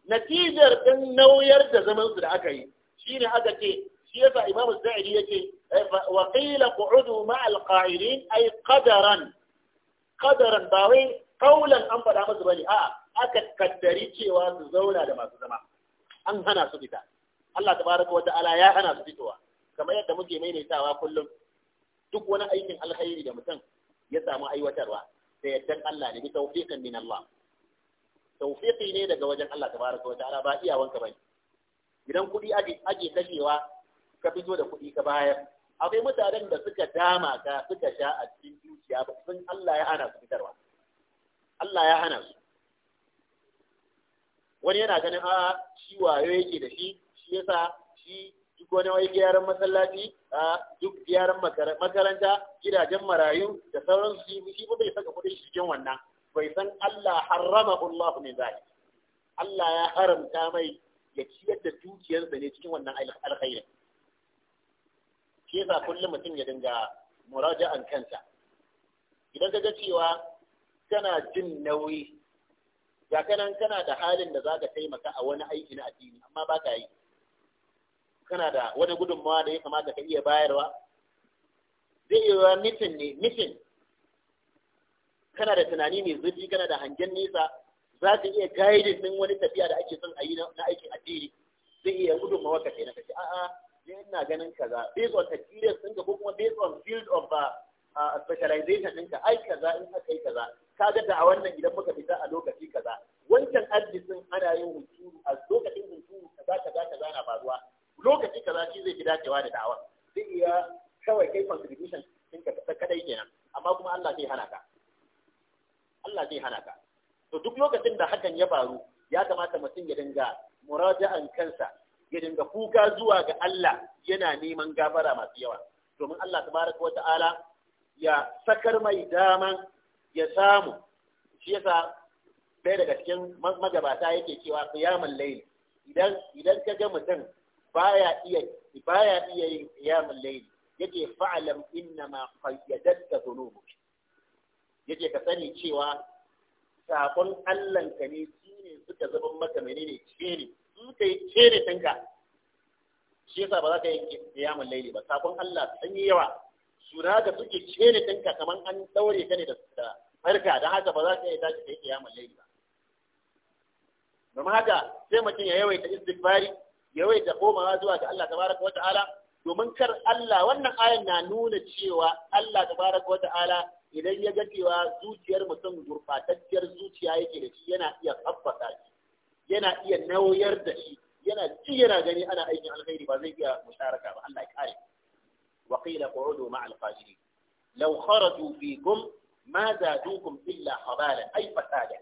natijar din nauyar da zaman su da aka yi shine aka ce shi yasa imam az-zaidi yace eh, wa qila qu'udu ma al-qa'ilin ay qadaran qadaran ba wai kaulan an faɗa musu bane a'a aka kaddari cewa su zauna da masu zama an hana su fita Allah tabaraka wa ta'ala ya hana su fitowa kamar yadda muke maimaitawa kullum duk wani aikin alkhairi da mutum ya samu aiwatarwa da yaddan Allah ne bi tawfiqin min Allah tawfiqi ne daga wajen Allah tabaraka wa ta'ala ba iyawanka bane idan kuɗi ake kashewa ka fito da kuɗi ka bayar akwai mutanen da suka dama ka suka sha a cikin zuciya ba sun Allah ya hana su fitarwa Allah ya hana su wani yana ganin a shi wayo yake da shi shi yasa shi duk wani wai gyaran masallaci a duk gyaran makaranta gidajen marayu da sauran su shi bai saka kuɗi cikin wannan bai san Allah harrama Allah ne zai Allah ya haramta mai ya ciyar da dukiyarsa ne cikin wannan alkhairin shi yasa kullum mutum ya dinga muraja'an kansa idan ka ga cewa kana jin nauyi ga kanan kana da halin da zaka taimaka a wani aiki na addini amma ba ka yi kana da wani gudunmawa da ya kamata ka iya bayarwa zai iya wa mitin ne mitin kana da tunani mai zurfi kana da hangen nesa za ka iya gaidin din wani tafiya da ake son a yi na aikin addini zai iya gudunmawa ka na kace a'a ni ina ganin kaza based on experience ɗinka ko kuma based on field of uh, uh, specialization ɗinka ai kaza in aka yi kaza ka ga da a wannan idan muka fita a lokaci kaza wancan addisin ana yin hunturu a lokacin hunturu kaza kaza kaza na faruwa lokaci kaza shi zai fi dacewa da da'awa zai iya kawai kai contribution ɗinka kadai kenan amma kuma Allah zai hana ka Allah zai hana ka to duk lokacin da hakan ya faru ya kamata mutum ya dinga muraja'an kansa ya dinga kuka zuwa ga Allah yana neman gafara masu yawa domin Allah tabaraka wa ta'ala ya sakar mai daman ya samu shi yasa ɗaya daga cikin magabata yake cewa qiyamul layl idan idan ka ga mutum baya iya iya yin qiyamul layl yake fa'alam inna ma qayyadatka dhunubuk yake ka sani cewa sakon Allah ka ne shine suka zama maka menene ne in ka yi cere ɗinka? shi yasa ba za ka yi kiyamun laili ba sakon Allah sun yi yawa su da ga suke cere ɗinka kamar an daure ka ne da farka don haka ba za ka yi tashi ka yi kiyamun laili ba domin haka sai mutum ya yawaita istighfari yawaita komawa zuwa ga Allah tabaraka wa ta'ala domin kar Allah wannan ayan na nuna cewa Allah tabaraka wa ta'ala idan ya ga cewa zuciyar mutum gurbatacciyar zuciya yake da shi yana iya tsabbata shi yana iya nauyar da shi yana ci yana gani ana aikin alkhairi ba zai iya musharaka ba Allah ya kare wa qila qu'udu ma al law kharaju fikum ma zadukum illa khabalan ay fasada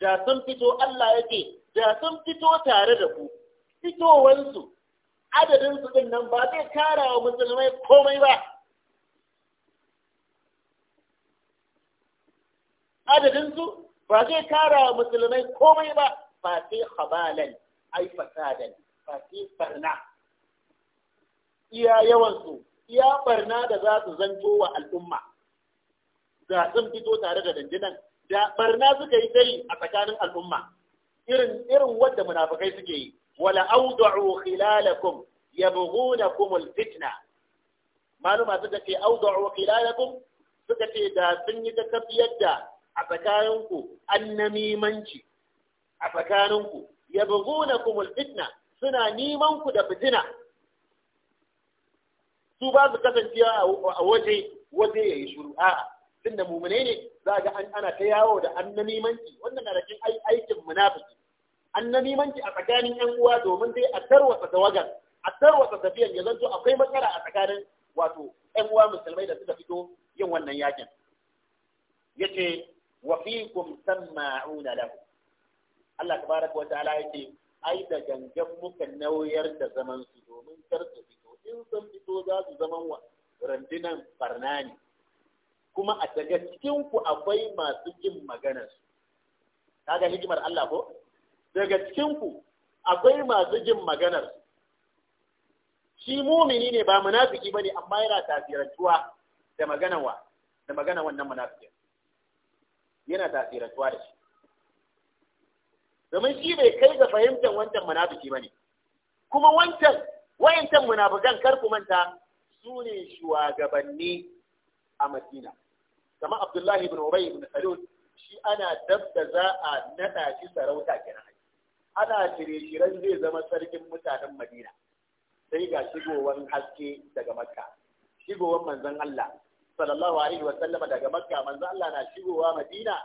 da sun fito Allah yake da sun fito tare da ku fitowansu adadin su din nan ba zai kara wa musulmai komai ba adadin su ba zai kara wa musulmai komai ba fati khabalan ai fasadan fati barna iya yawan su iya barna da za su zanto wa al'umma Da sun fito tare da dandinan da barna suka yi tari a tsakanin al'umma irin irin wanda munafikai suke yi wala awdu'u khilalakum yabghunakum al-fitna maluma suka ce awdu'u khilalakum suka ce da sun yi ta tafiyar da a tsakaninku annamimanci a tsakaninku kumul fitna suna neman ku da fitina su ba su kasance a waje waje shuru shiru a'a da mu'minai ne za ga an ana ta yawo da an na nimanci wannan na rakin aikin munafiki nimanci a tsakanin yan uwa domin dai a tarwatsa tawagar a tarwatsa tafiyan ya zanto akwai matsala a tsakanin wato yan uwa musulmai da suka fito yin wannan yakin yace wa fikum sama'una lahu Allah tabaraka wa ta'ala yake ai da gangan muka nauyar da zaman su domin kar su fito in sun fito za su zaman wa randunan barna ne kuma a daga cikin ku akwai masu jin magana su kaga hikimar Allah ko daga cikin ku akwai masu jin magana su shi mumini ne ba munafiki bane amma yana tasirantuwa da magana wa da magana wannan munafiki yana tasirantuwa da shi domin shi bai kai ga fahimtar wancan munafiki bane kuma wancan wayancan munafikan kar ku manta su ne shugabanni a Madina Kama Abdullahi ibn Ubay ibn Salul shi ana dab za a nada shi sarauta kenan ana shirye shiren zai zama sarkin mutanen Madina sai ga shigowar haske daga Makka shigowar manzon Allah sallallahu alaihi wa sallama daga Makka manzon Allah na shigowa Madina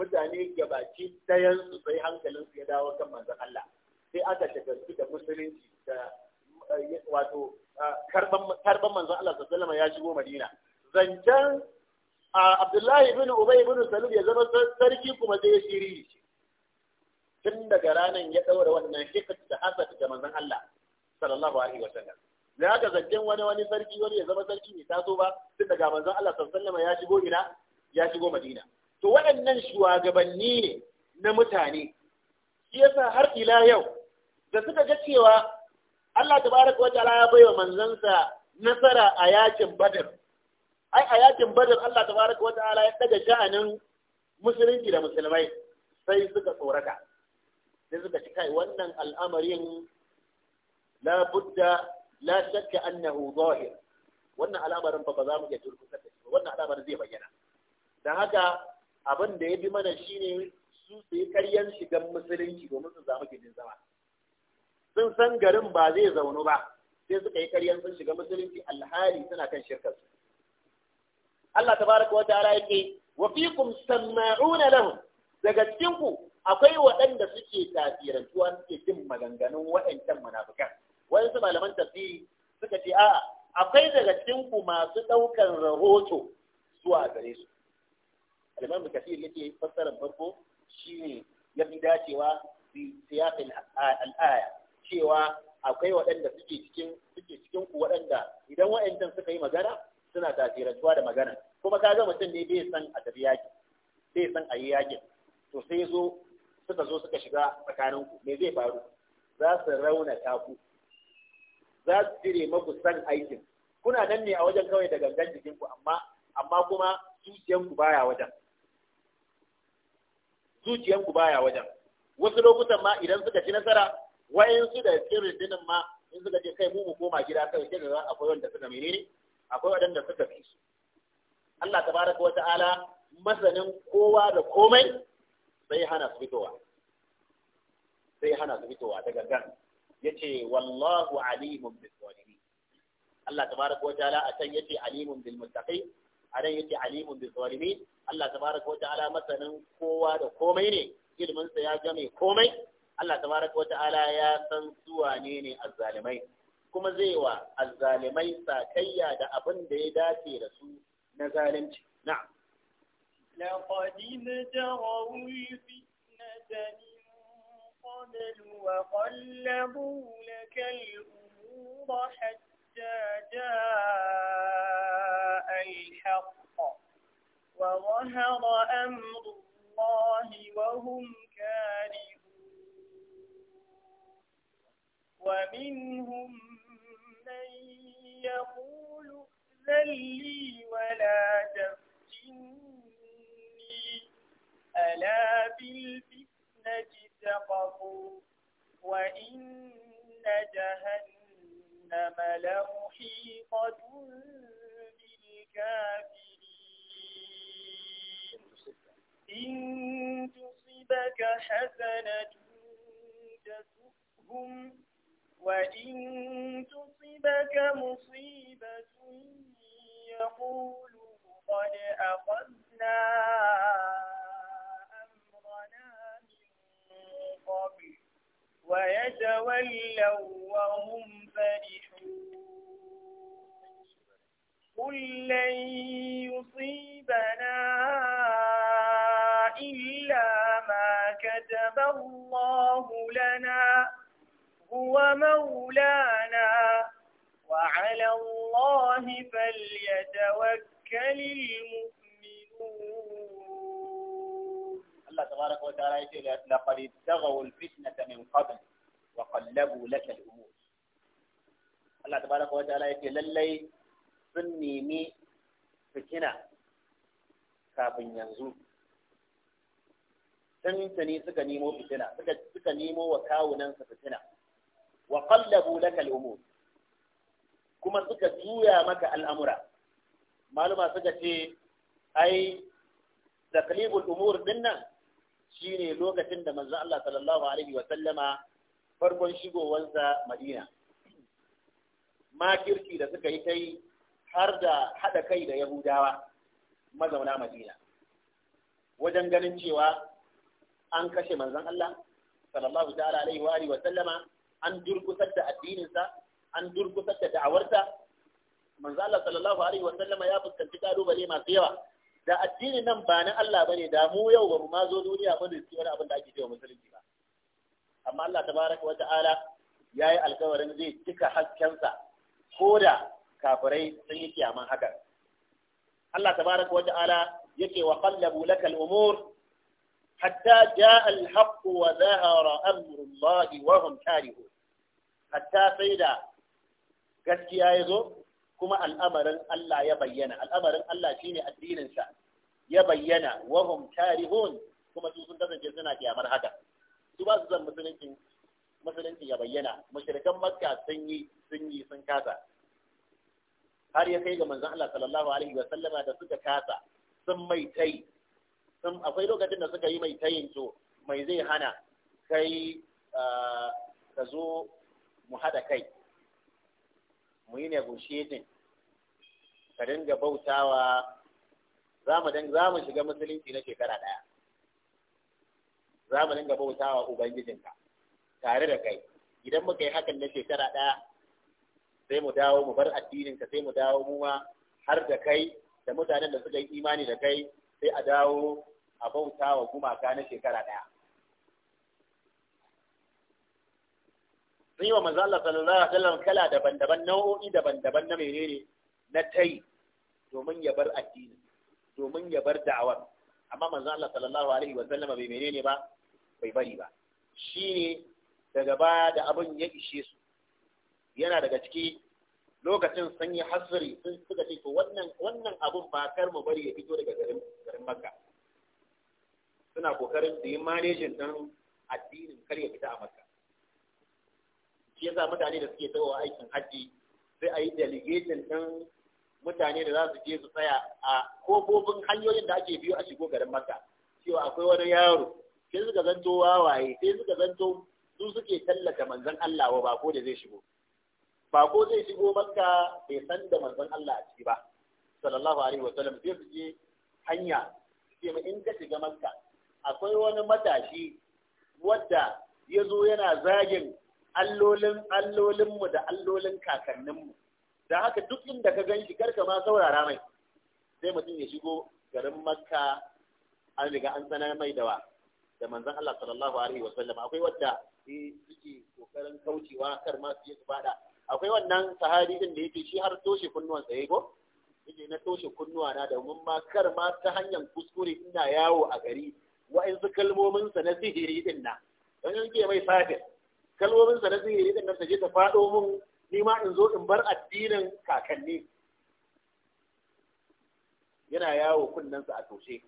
mutane gabaci ɗayan su sai hankalin su ya dawo kan manzon Allah sai aka shagaltu da musulunci da eh, wato ah, karban manzon Allah sallallahu ya shigo Madina zancen Abdullahi bin Ubay ibn Salul ya zama sarki kuma sai shiri tun daga ranar ya daura wannan hikat da hasad da manzon Allah sallallahu alaihi wasallam da aka zancen wani wani sarki wani ya zama sarki bai taso ba tun daga manzon Allah sallallahu ya shigo ina ya shigo Madina to waɗannan shugabanni ne na mutane shi yasa har ila yau da suka ga cewa Allah tabaraka wataala ya baiwa manzansa nasara a yakin Badr ai a yakin Badr Allah tabaraka wataala ya daga ganin musulunci da musulmai sai suka tsorata sai suka ci kai wannan al'amarin la budda la shakka annahu zahir wannan al'amarin ba za mu iya turku da shi wannan al'amarin zai bayyana dan haka abin da ya bi mana shine su su yi karyan shigan musulunci domin su samu gidin zama sun san garin ba zai zaunu ba sai suka yi karyan sun shiga musulunci alhali suna kan shirkar su Allah baraka wata ara yake wa fikum sama'una lahum daga cikin ku akwai waɗanda suke tasirantuwa suke jin maganganun waɗancan munafikan su malaman tafsiri suka ce a'a akwai daga cikin ku masu ɗaukar rahoto zuwa gare su al-imam yake fassara farko shine ya fi dacewa bi siyaqil al-aya cewa akwai waɗanda suke cikin suke cikin ku waɗanda idan wa'annan suka yi magana suna tasirantuwa da magana kuma kaga mutum ne bai san a tafi bai san yi yakin to sai zo suka zo suka shiga tsakanin ku me zai faru za su raunata ku za su cire maku san aikin kuna nan ne a wajen kawai da gangan jikin ku amma amma kuma zuciyan baya wajen zuciyanku baya wajen wasu lokutan ma idan suka ci nasara wayansu da cikin rundunin ma in suka ce kai mu mu koma gida kai ke ga akwai wanda suka menene akwai wadanda suka fi su Allah tabaraka wa ta'ala masanin kowa da komai sai hana su fitowa sai hana su fitowa da gangan yace wallahu alimun bis zalimin Allah tabaraka wa ta'ala a can yace alimun bil muttaqin a nan yake alimun bi zalimi Allah tabaraka wa ta'ala masanin kowa da komai ne ilmin sa ya game komai Allah tabaraka wa ta'ala ya san zuwa wane ne azzalimai kuma zai wa azzalimai sakayya da abin da ya dace da su na zalunci na'am لقد ابتغوا الفتنة من قبل وقلبوا لك الأمور حتى جاء الحق وظهر أمر الله وهم كارهون ومنهم من يقول لي ولا تفتني ألا بالفتنة سقطوا وإن جهنم جهنم لمحيطة بالكافرين إن تصبك حسنة تسؤهم وإن تصبك مصيبة يقولوا قد أخذنا أمرنا من قبل ويتولوا وهم فرحون قل لن يصيبنا إلا ما كتب الله لنا هو مولانا وعلى الله فليتوكل المؤمنون الله تبارك وتعالى يقول لقد ابتغوا الفتنة من قبل وقلبوا لك الأمور الله تبارك وتعالى يقول للي sun nemi fitina kafin yanzu sun tuni suka nemo fitina suka nemo wa kawunansa fitina wa qallabu laka al-umur kuma suka juya maka al'amura maluma suka ce ai taqlibul umur dinnan shine lokacin da manzo Allah sallallahu alaihi wa sallama farkon shigowansa Madina kirki da suka yi ta yi har da haɗa kai da Yahudawa mazauna Madina wajen ganin cewa an kashe manzon Allah sallallahu ta'ala alaihi wa alihi wa sallama an durkusar da addininsa an durkusar da da'awarsa manzon Allah sallallahu alaihi wa sallama ya fuskanci kalubale masu yawa da addinin nan ba na Allah bane da mu yau ba mu ma zo duniya ba da riski wani abin da ake cewa musulunci ba amma Allah tabaraka wa ta'ala yayi alƙawarin zai cika haskensa ko da kafirai sun yi kiyaman haka Allah tabaraka wa ta'ala yake wa qallabu laka al-umur hatta jaa al-haqq wa zahara amru Allah wa hum karihun hatta sai da gaskiya ya zo kuma al'amarin Allah ya bayyana al'amarin Allah shine addinin sa ya bayyana wa hum karihun kuma su sun kasance suna kiyamar haka su ba su zan musulunci musulunci ya bayyana mushrikan makka sun yi sun yi sun kasa har ya kai ga manzon Allah sallallahu alaihi wa sallama da suka kasa sun mai tai sun akwai lokacin da suka yi mai tayin to mai zai hana kai ka zo mu hada kai mu yi negotiating ka dinga bautawa za mu za mu shiga musulunci na shekara daya za mu dinga bautawa ubangijinka tare da kai idan muka yi hakan na shekara ɗaya sai mu dawo mu bar addinin ka sai mu dawo mu ma har da kai da mutanen da suka yi imani da kai sai a dawo a bauta wa gumaka na shekara ɗaya. Sun yi wa manzo Allah sallallahu alaihi wasallam kala daban-daban nau'o'i daban-daban na menene na tai domin ya bar addini domin ya bar da'awar amma manzo Allah sallallahu alaihi wasallam bai menene ba bai bari ba shine daga baya da abin ya ishe su yana daga ciki lokacin sun yi hasiri sun suka ce to wannan wannan abun ba kar mu bari ya fito daga garin garin suna kokarin da yi manejin dan addinin kar ya fita a Makka shi yasa mutane da suke tsawo aikin haji sai a yi delegation din mutane da za su je su tsaya a kofofin hanyoyin da ake biyo a shigo garin Makka cewa akwai wani yaro sai suka zanto wawaye sai suka zanto su suke tallata manzon Allah wa bako da zai shigo ba ko zai shigo makka bai san da manzon Allah a ciki ba sallallahu alaihi wa sallam sai su je hanya sai mu in ka shiga makka akwai wani matashi wanda ya zo yana zagin allolin allolinmu da allolin mu da haka duk inda ka gan shi karka ma saurara mai sai mutum ya shigo garin makka an riga an sanar mai dawa da manzon Allah sallallahu alaihi wa sallam akwai wadda eh, suke kokarin kaucewa kar ma su yi bada akwai wannan sahari din da yake shi har toshe kunnuwan sa ko yake na toshe kunnuwa na da mun ma kar ma ta hanyar kuskure ina yawo a gari wa'ansu kalmomin sa na sihiri din na dan yake mai sahi kalmomin sa na sihiri din nan ta je ta fado mun ni ma in zo in bar addinin kakanni yana yawo kunnensa a toshe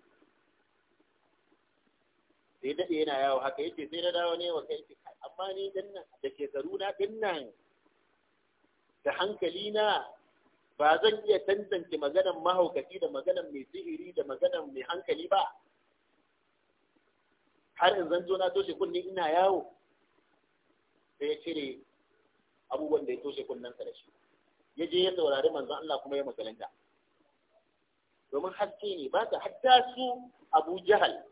sai daɗe yana yawo haka yake sai na dawo ne wa kai amma ni dinnan da shekaru na dinnan da hankali na ba zan iya tantance maganan mahaukaci da maganan mai sihiri da maganan mai hankali ba har in zan na toshe kunni ina yawo sai ya cire abubuwan da ya toshe kunnensa da shi ya je ya saurari manzon Allah kuma ya musulunta domin haske ne ba ta hatta su Abu Jahal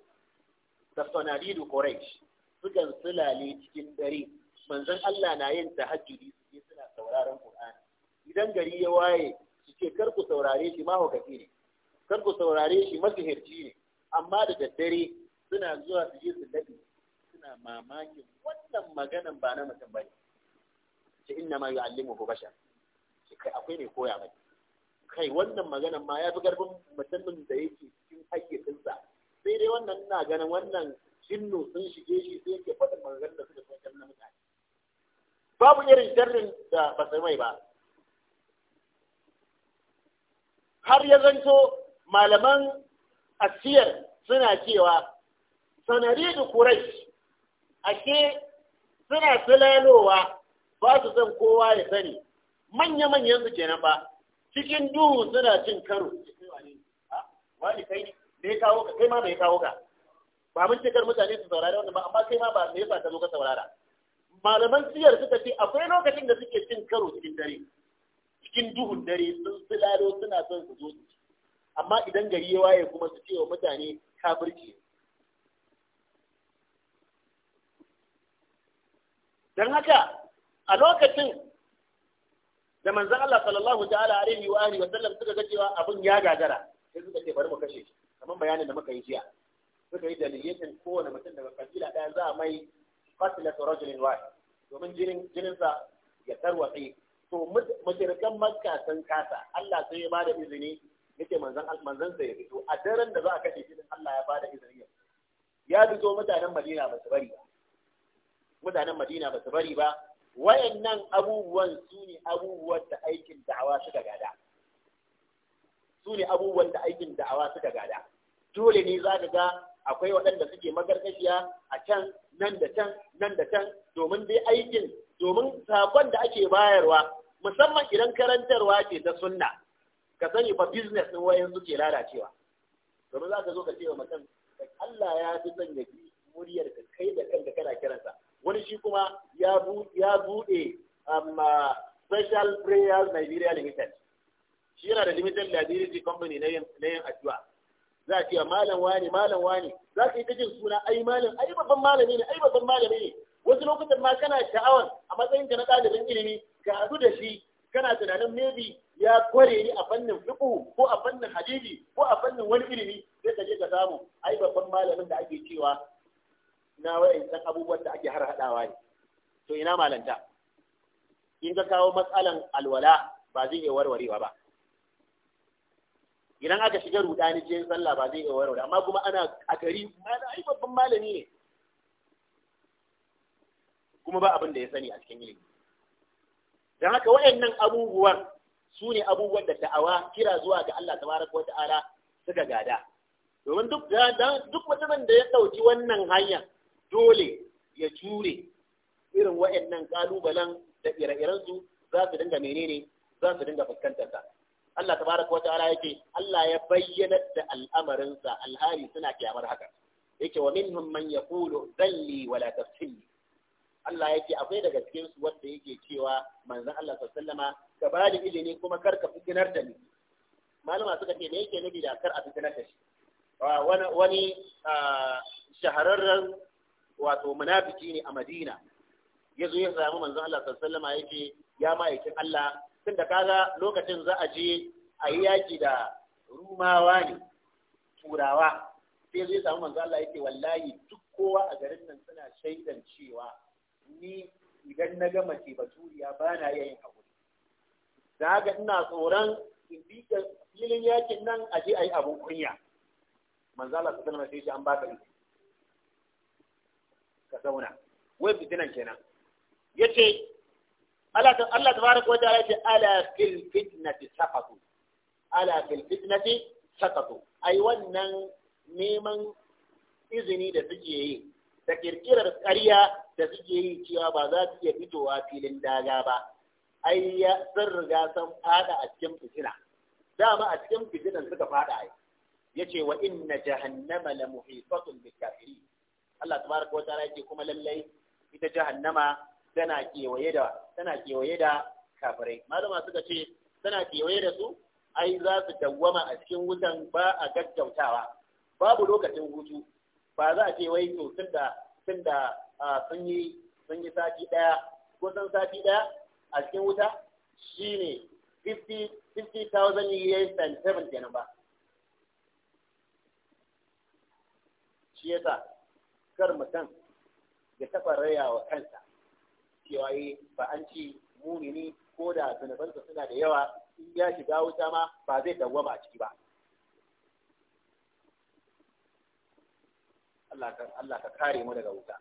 da Sanadidu Quraysh sukan sulale cikin dare manzon Allah na yin tahajjudi su je suna sauraron Qur'ani idan gari ya waye su ce kar ku saurare shi mahaukaci ne kar ku saurare shi masihirci ne amma da daddare suna zuwa su je su daɗe suna mamakin wannan maganan ba na mutum bane ce inna ma yu'allimu ko bashar ce kai akwai mai koya mai kai wannan maganan ma ya fi karfin mutumin da yake cikin hayyacinsa sai dai wannan na ganin wannan Shinnu sun shige shi sai yake faɗin maganar da suka san na mutane babu irin sharrin da ba su mai ba har ya zanto malaman asiyar suna cewa sanari da kurai ake suna tulalowa ba su san kowa ya sani manya-manyan su kenan ba cikin duhu suna cin karo wani kai ne ya kawo ka kai ma mai kawo ka ba mun cikar mutane su saurari wannan ba amma kai ma ba mai yasa ka zo ka saurara malaman siyar suka ce akwai lokacin da suke cin karo cikin dare cikin duhun dare sun filalo suna son su zo su ci amma idan gari ya waye kuma su ce wa mutane kafirci don haka a lokacin da manzan Allah sallallahu ta'ala alaihi wa alihi wa sallam suka ga cewa abin ya gagara sai suka ce bari mu kashe shi kamar bayanin da muka yi jiya suka yi dalilin kowane mutum daga kabila daya za a mai qatlatu rajulin wahid domin jinin sa ya tarwatse to mushrikan makka sun kasa Allah sai ya bada izini yake manzon manzon sa ya fito a daren da za a kashe shi, Allah ya bada izini ya fito mutanen Madina ba su bari ba mutanen Madina ba su bari ba wayannan abubuwan su ne abubuwan da aikin da'awa suka gada su ne abubuwan da aikin da'awa suka gada dole ne za ka ga akwai waɗanda suke magargashiya a can nan da can nan da can domin dai aikin domin sakon da ake bayarwa musamman idan karantarwa ce ta sunna ka sani fa business din wayan suke lalacewa domin za ka zo ka ce wa mutum Allah ya fi son ya bi muryar ka kai da kanka kana kiransa wani shi kuma ya ya bude amma um, uh, special prayer Nigeria limited shi yana da limited liability company na yin addu'a za a cewa malam wane malam wani za ka yi ta jin suna ai malam ai babban malami ne ai babban malami ne wasu lokutan ma kana sha'awar a matsayin ka na ɗalibin ilimi ka haɗu da shi kana tunanin maybe ya kware ni a fannin fiqh ko a fannin hadisi ko a fannin wani ilimi sai ka je ka samu ai babban malamin da ake cewa na wayancan abubuwan da ake har haɗawa ne to ina malanta in ka kawo matsalan alwala ba zai iya warwarewa ba idan aka shiga rudani cikin sallah ba zai iya warware amma kuma ana a gari ana ai babban malami ne kuma ba abin da ya sani a cikin ilimi dan haka wayannan abubuwan su ne abubuwan da da'awa kira zuwa ga Allah tabaraka wa ta'ala suka gada domin duk duk mutumin da ya dauki wannan hanya dole ya jure irin wayannan kalubalen da ire-irensu za su dinga menene za su dinga fuskantar ta Allah tabaraka wa ta'ala yake Allah ya bayyana da al'amarinsa alhari suna kiyamar haka yake wa minhum man yaqulu dalli wala tafsilli Allah yake akwai daga cikin su wanda yake cewa manzon Allah sallallahu ka ba bani ilimi kuma kar ka fitinar da ni malama suka ce me yake nufi da kar a fitinar da shi wani wani shahararren wato munafiki ne a Madina ya zo ya samu manzon Allah sallallahu alaihi wasallam yake ya ma'aikin Allah tun da kaga lokacin za a je a yi yaƙi da rumawa ne turawa sai zai samu manzo Allah yake wallahi duk kowa a garin nan suna shaidan cewa ni idan na ga mace baturiya ba na iya yin hakuri da haka ina tsoron in bi filin yakin nan a je a yi abun kunya manzo Allah sallallahu alaihi sai an baka izini ka zauna wai fitinan kenan yace Allah Allah tabaraka wa ya ce ala fil fitnati saqatu ala fil fitnati saqatu ai wannan neman izini da suke yi da kirkirar ƙarya da suke yi cewa ba za su iya fitowa filin daga ba ai ya sun riga sun fada a cikin fitina dama a cikin fitinan suka fada ai yace wa inna jahannama la muhitatun bil kafirin Allah tabaraka wa ta'ala yake kuma lallai ita jahannama tana kewaye da tana kewaye da kafirai malama suka ce tana kewaye da su ai za su dawwama a cikin wutan ba a gaggautawa babu lokacin hutu ba za a ce wai to tunda tunda sun yi sun yi sati daya ko san sati daya a cikin wuta shine 50,000 years and 70 kenan ba shi yasa kar mutum ya taɓa kansa cewa yi eh, ba an ci mumini ko da zunubansa suna da yawa in ya shiga wuta ma ba zai dawwama a ciki ba Allah ka kare mu daga wuta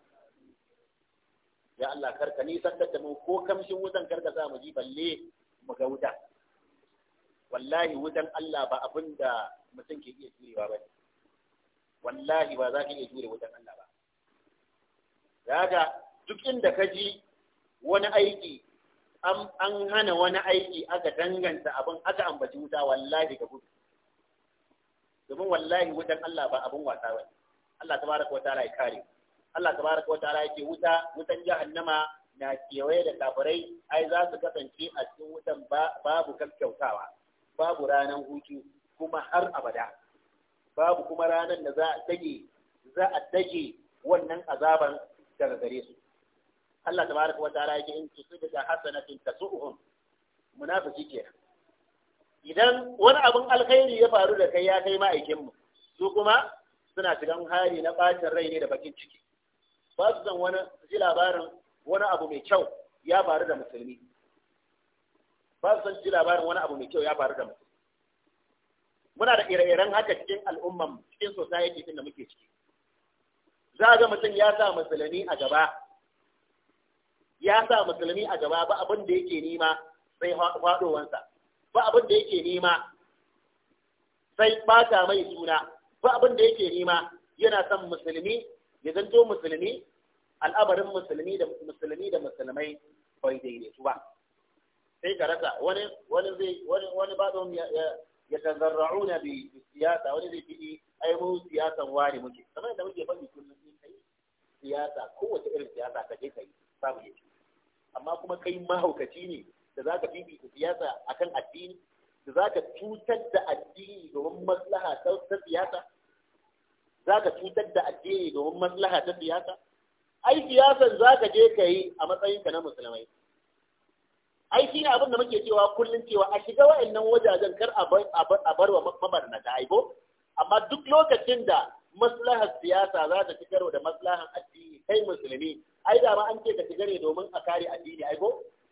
ya Allah karka nisan da mu ko kamshin wutan karka za mu ji balle mu ga wuta wallahi wutan Allah ba abin da mutum ke iya jurewa ba wallahi ba za ka iya jure wutan Allah ba ga duk inda ka ji wani aiki an hana wani aiki aka danganta abin aka ambaci wuta wallahi ga gudu domin wallahi wutan Allah ba abin wasa ba Allah tabaraka wa ta'ala ya kare Allah tabaraka wa ta'ala yake wuta wutan jahannama na kewaye da kafirai ai za su kasance a cikin wutan babu kyautawa, babu ranan hutu kuma har abada babu kuma ranan da za a dage za a dage wannan azaban daga gare su Allah tabaraka wa ta'ala yake in tusibu ka hasanatin tasu'uhum munafiki ke. idan wani abun alkhairi ya faru da kai ya kai ma'aikin mu su kuma suna shigan hari na bacin rai ne da bakin ciki ba su san wani ji labarin wani abu mai kyau ya faru da musulmi ba su san ji labarin wani abu mai kyau ya faru da musulmi muna da ire-iren haka cikin al'umman cikin society din da muke ciki za ga mutum ya sa musulmi a gaba ya sa musulmi a gaba ba abin da yake nema sai faɗowansa ba abin da yake nema sai ɓata mai suna ba abin da yake nema yana son musulmi ya zanto musulmi al'amarin musulmi da musulmi da musulmai bai su ba sai ka rasa wani wani zai wani wani ba don ya ya tazarra'una bi siyasa wani zai fidi ai mu siyasan wani muke kamar da muke faɗi kullum sai siyasa kowace irin siyasa ta je kai babu yake amma kuma kai mahaukaci ne da za ka fifita siyasa akan addini da za ka cutar da addini domin maslaha ta siyasa za ka cutar da addini domin maslaha ta siyasa ai siyasan za ka je ka yi a matsayinka na musulmai ai shi ne abin da muke cewa kullum cewa a shiga wa'annan wajajen kar a bar wa mabarnata aibo amma duk lokacin da maslahar siyasa za ta fi karo da maslahar addini kai musulmi ai da ma an ce ka shiga ne domin a kare addini ai ko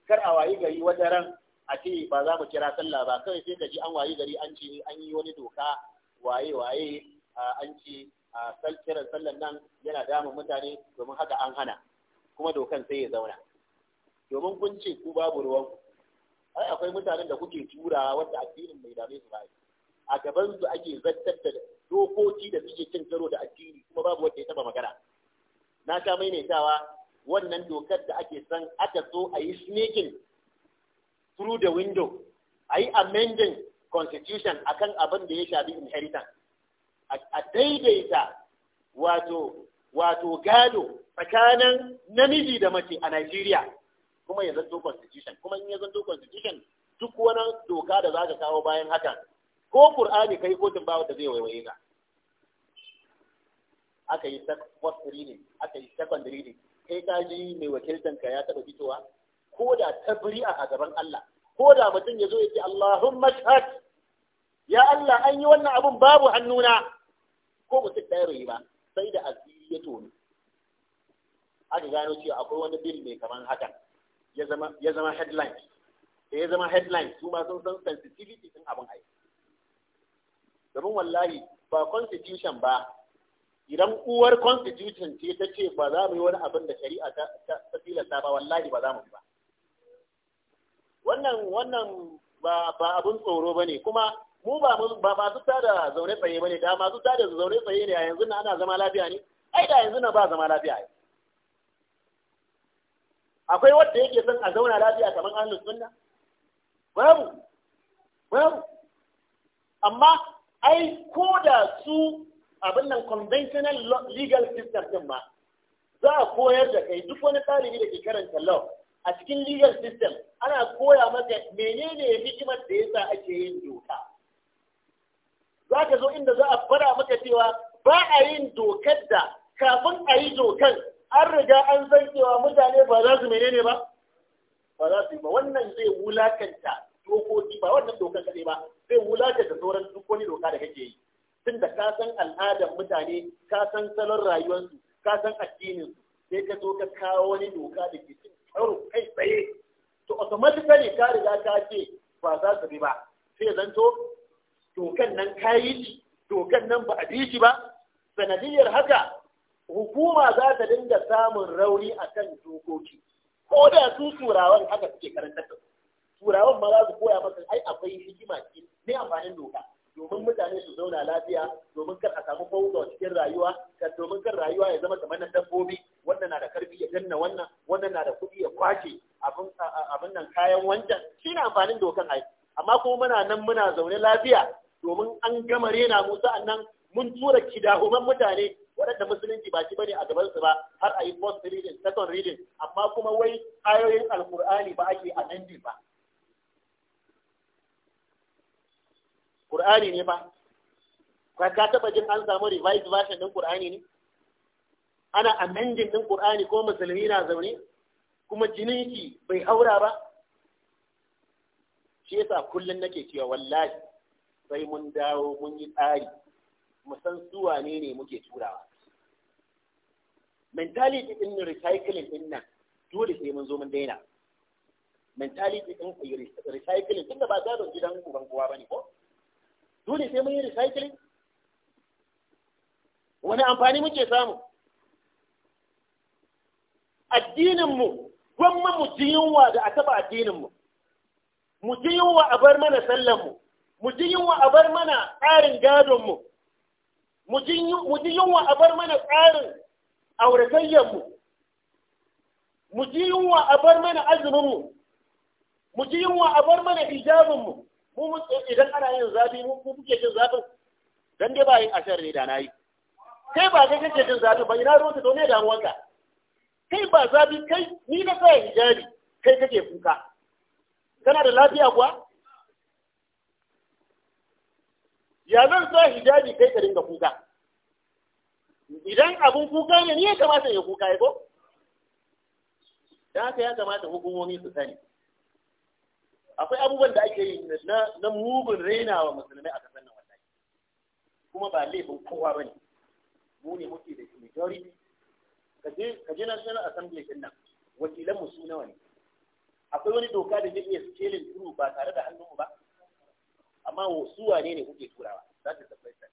kar a wayi gari wata ran a ce ba za mu kira sallah ba kawai sai ka ji an wayi gari an ce an yi wani doka waye waye an ce kiran sallan nan yana damun mutane domin haka an hana kuma dokan sai ya zauna domin kun ce ku babu ruwan ai akwai mutanen da kuke turawa wanda addinin mai dame su ba a gaban su ake zartar da dokoki da suke cin karo da addini kuma babu wanda ya taba magana na ta maimaitawa wannan dokar da ake san aka so a yi sneaking through the window a yi amending constitution akan abin da ya shafi inheritance a daidaita wato wato gado tsakanin namiji da mace a Najeriya kuma ya zanto constitution kuma in ya zanto constitution duk wani doka da za ka kawo bayan hakan ko ƙur'ani, kai kotun bawa da zai waiwaye ka aka yi first reading aka yi second reading kai ka ji mai ka ya taɓa fitowa ko da tabri'a a gaban Allah ko da mutum ya zo ya ce Allahumma shahad ya Allah an yi wannan abun babu hannuna ko mutum ɗaya bai ba sai da asiri ya tono. aka gano cewa akwai wani bil mai kaman hakan ya zama headline da eh, ya zama headline su ma sun san sensitivity din abin aiki domin wallahi ba constitution ba idan uwar constitution ce ta ce ba za mu yi wani abin da shari'a ta ta ba wallahi ba za mu ba wannan wannan ba abin tsoro ba ne kuma mu ba masu tada zaune tsaye ba ne da masu tada zaune tsaye ne a yanzu na ana zama lafiya ne ai da yanzu na ba zama lafiya ne akwai wanda yake son a zauna lafiya kamar ahlus sunna babu babu amma ai ko da su abin nan conventional legal system din ma za a koyar da kai duk wani ɗalibi da ke karanta law a cikin legal system ana koya maka menene hikimar da yasa ake yin doka za ka zo inda za a fara maka cewa ba a yin dokar da kafin a yi dokar an riga an san cewa mutane ba za su menene ba ba za su yi ba wannan zai wulakanta dokoki ba wannan dokar kaɗai ba zai wulakanta sauran duk wani doka da kake yi tun ka san al'adar mutane ka san salon rayuwarsu ka san addinin sai ka zo ka kawo wani doka da ke cin tsaro kai tsaye to automatically ka riga ka ce ba za su bi ba sai zanto dokan nan ka yi dokan nan ba a bi shi ba sanadiyar haka hukuma za ta dinga samun rauni a kan dokoki ko da su turawan haka suke karanta da turawan ma za su koya masa ai akwai hikima ce ne amfanin doka domin mutane su zauna lafiya domin kar a samu fawuka cikin rayuwa kar domin kar rayuwa ya zama kamar na dabbobi wannan na da karfi ya danna wannan wannan na da kuɗi ya kwace abin abin nan kayan wancan shi ne amfanin dokan ai amma kuma muna nan muna zaune lafiya domin an gama rena mu nan, mun tura kidahuman mutane waɗanda musulunci ba shi bane a gaban su ba har a yi first reading second reading amma kuma wai ayoyin alkur'ani ba ake a nan ba Qur'ani ne fa ka ka taba jin an samu revised version din Kur'ani ne ana amending din Kur'ani ko musulmi na zaune kuma jininki bai haura ba shi yasa kullun nake cewa wallahi sai mun dawo mun yi tsari mu san su wane ne muke turawa mentality din recycling din nan dole sai mun zo mun daina mentality din recycling tunda ba gadon gidan uban kowa bane ko dole sai mun yi recycling wani amfani muke samu addininmu gwamma mu ji yunwa da a taɓa addininmu mu ji yunwa a bar mana sallanmu mu ji yunwa a bar mana tsarin gadonmu mu ji yunwa a bar mana tsarin auratayyarmu. mu ji yunwa a bar mana azuminmu mu ji yunwa a bar mana hijabinmu mu mun idan ana yin zafi mu ku kuke jin zafin dan dai ba yin ashar ne da nayi kai ba kai kake jin zafi ba ina ruwan ta to ne wanka. kai ba zafi kai ni na sa hijabi kai kake kuka kana da lafiya kuwa ya zan sa hijabi kai ka dinga kuka idan abun kuka ne ni ya kamata ya kuka ya ko da haka ya kamata hukumomi su sani akwai abubuwan da ake yi na mugun rainawa musulmai a kasar nan wallahi kuma ba laifin kowa bane mu ne muke da majority kaje kaje national assembly din nan wakilan mu nawa ne akwai wani doka da yake scaling through ba tare da hannunmu ba amma su wane ne kuke turawa za ta tabbatar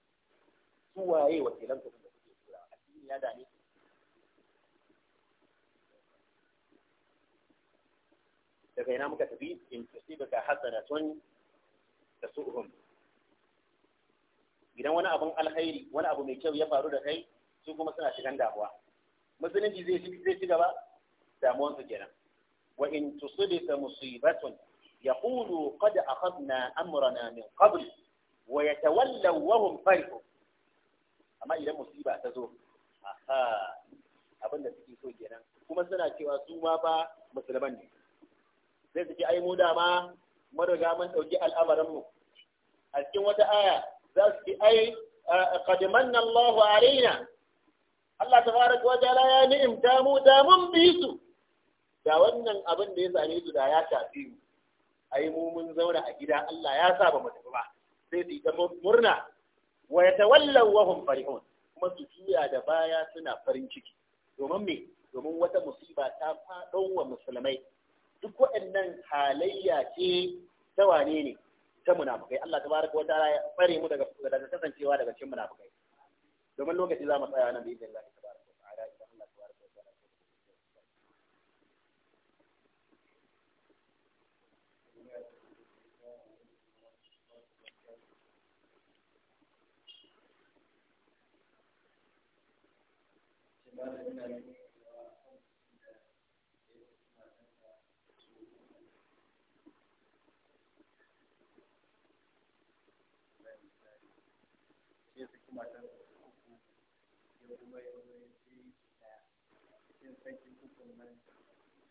su waye wakilan ku da kuke turawa addini ya dane daga yana muka tafi in tusibaka hasanatun tasuhum idan wani abun alkhairi wani abu mai kyau ya faru da kai su kuma suna shigan damuwa musulunci zai ci zai ci gaba damuwan su kenan wa in tusibaka musibatun yaqulu qad akhadna amrana min qabl wa yatawallaw wa hum farihun amma idan musiba ta zo aha abin da suke so kenan kuma suna cewa su ma ba musulman ne sai su ce ai mu dama mun ɗauki mu a cikin wata aya za su ce ai qadimanna Allahu alaina Allah tabaraka wa ta'ala ya ni'imta mu da mun bi su da wannan abin da ya same su da ya shafi mu ai mu mun zauna a gida Allah ya sa ba mu tafi ba sai su yi ta murna wa yatawallaw wa hum farihun kuma su juya da baya suna farin ciki domin me domin wata musiba ta faɗo wa musulmai duk waɗannan halayya ce ta wane ne ta munafukai Allah Ta baraka wata ya tsare mu daga daga kasancewa daga cikin munafukai domin lokaci za mu tsaya nan bi Allah baraka wata ta'ala idan Allah ta baraka wata Thank yi.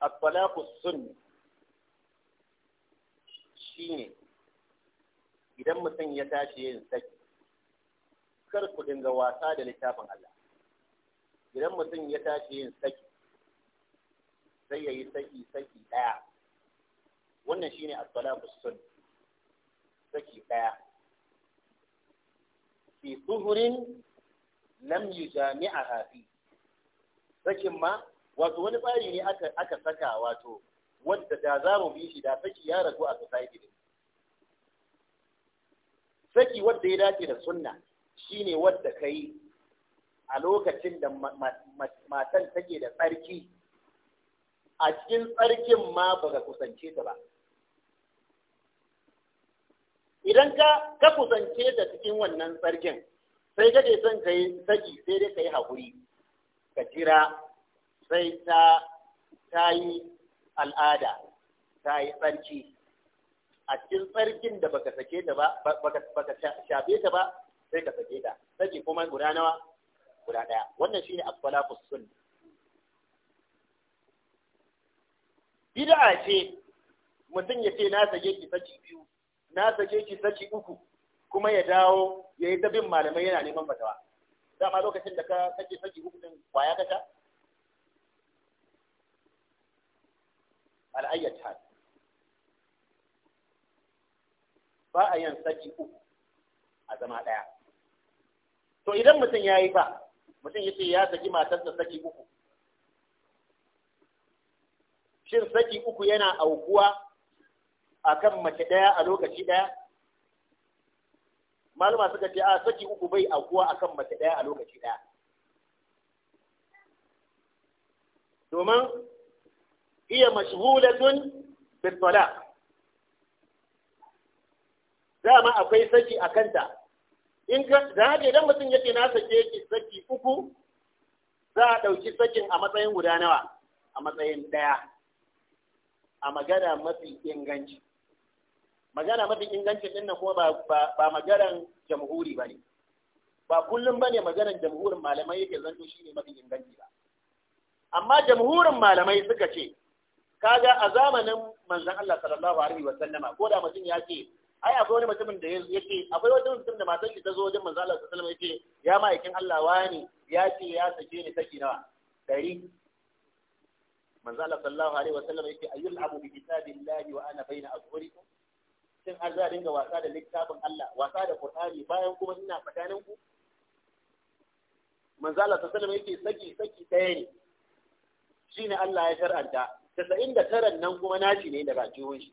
at-talaqu sunni shine idan mutum ya tashi yin saki kar ku dinga wasa da littafin Allah idan mutum ya tashi yin saki sai ya yi saki saki ɗaya wannan shine as-salatu sun saki ɗaya fi zuhurin lam yujami'aha fi sakin ma wato wani tsari ne aka aka saka wato wanda da za mu bi shi da saki ya ragu a society din saki wanda ya dace da sunna shine wanda kai a lokacin da matan take da tsarki a cikin tsarkin ma ba ka kusance ta ba idan ka ka kusance ta cikin wannan tsarkin sai ka son ka yi saki sai dai ka yi haƙuri ka jira sai ta ta yi al'ada ta yi tsarki a cikin tsarkin da baka sake ta ba baka shafe ta ba sai ka sake ta sai kuma guda nawa guda daya wannan shine as-salatu sunna bid'a ce mutum ya ce na sake ki saki biyu na sake ki saki uku kuma ya dawo ya yi ta bin malamai yana neman fatawa dama lokacin da ka kake saki uku din kwaya ka al'ayyar hal ba a yin saki uku a zama ɗaya to idan mutum ya yi ba mutum ya ce ya saki matarsa saki uku shin saki uku yana aukuwa a kan mace ɗaya a lokaci ɗaya malama suka ce a saki uku bai aukuwa a kan mace ɗaya a lokaci ɗaya domin هي مشغولة bis talaq dama akwai saki a kanta da haka idan mutum yake na sake ki saki uku za a ɗauki sakin a matsayin guda nawa a matsayin ɗaya a magana mafi inganci magana mafi inganci nan kuma ba maganan jamhuri ba ba kullum ba ne jamhurin malamai yake zanto shi mafi inganci ba amma jamhurin malamai suka ce kaga a zamanin manzon Allah sallallahu alaihi wa sallama ko da mutum ya ce ai akwai wani mutumin da yake akwai wani mutum da matar shi ta zo wajen manzon Allah sallallahu alaihi wa yace ya ma'aikin Allah wani ya ce ya sake ni saki nawa dari manzon Allah sallallahu alaihi wa sallama yace ayyul abu bi kitabillahi wa ana baina azhurikum shin har za a dinga wasa da littafin Allah wasa da Qur'ani bayan kuma ina tsakanin ku manzon Allah sallallahu alaihi wa sallama yake saki saki ɗaya ne shine Allah ya shar'anta tasa'in da taran nan kuma nashi ne daga jihun shi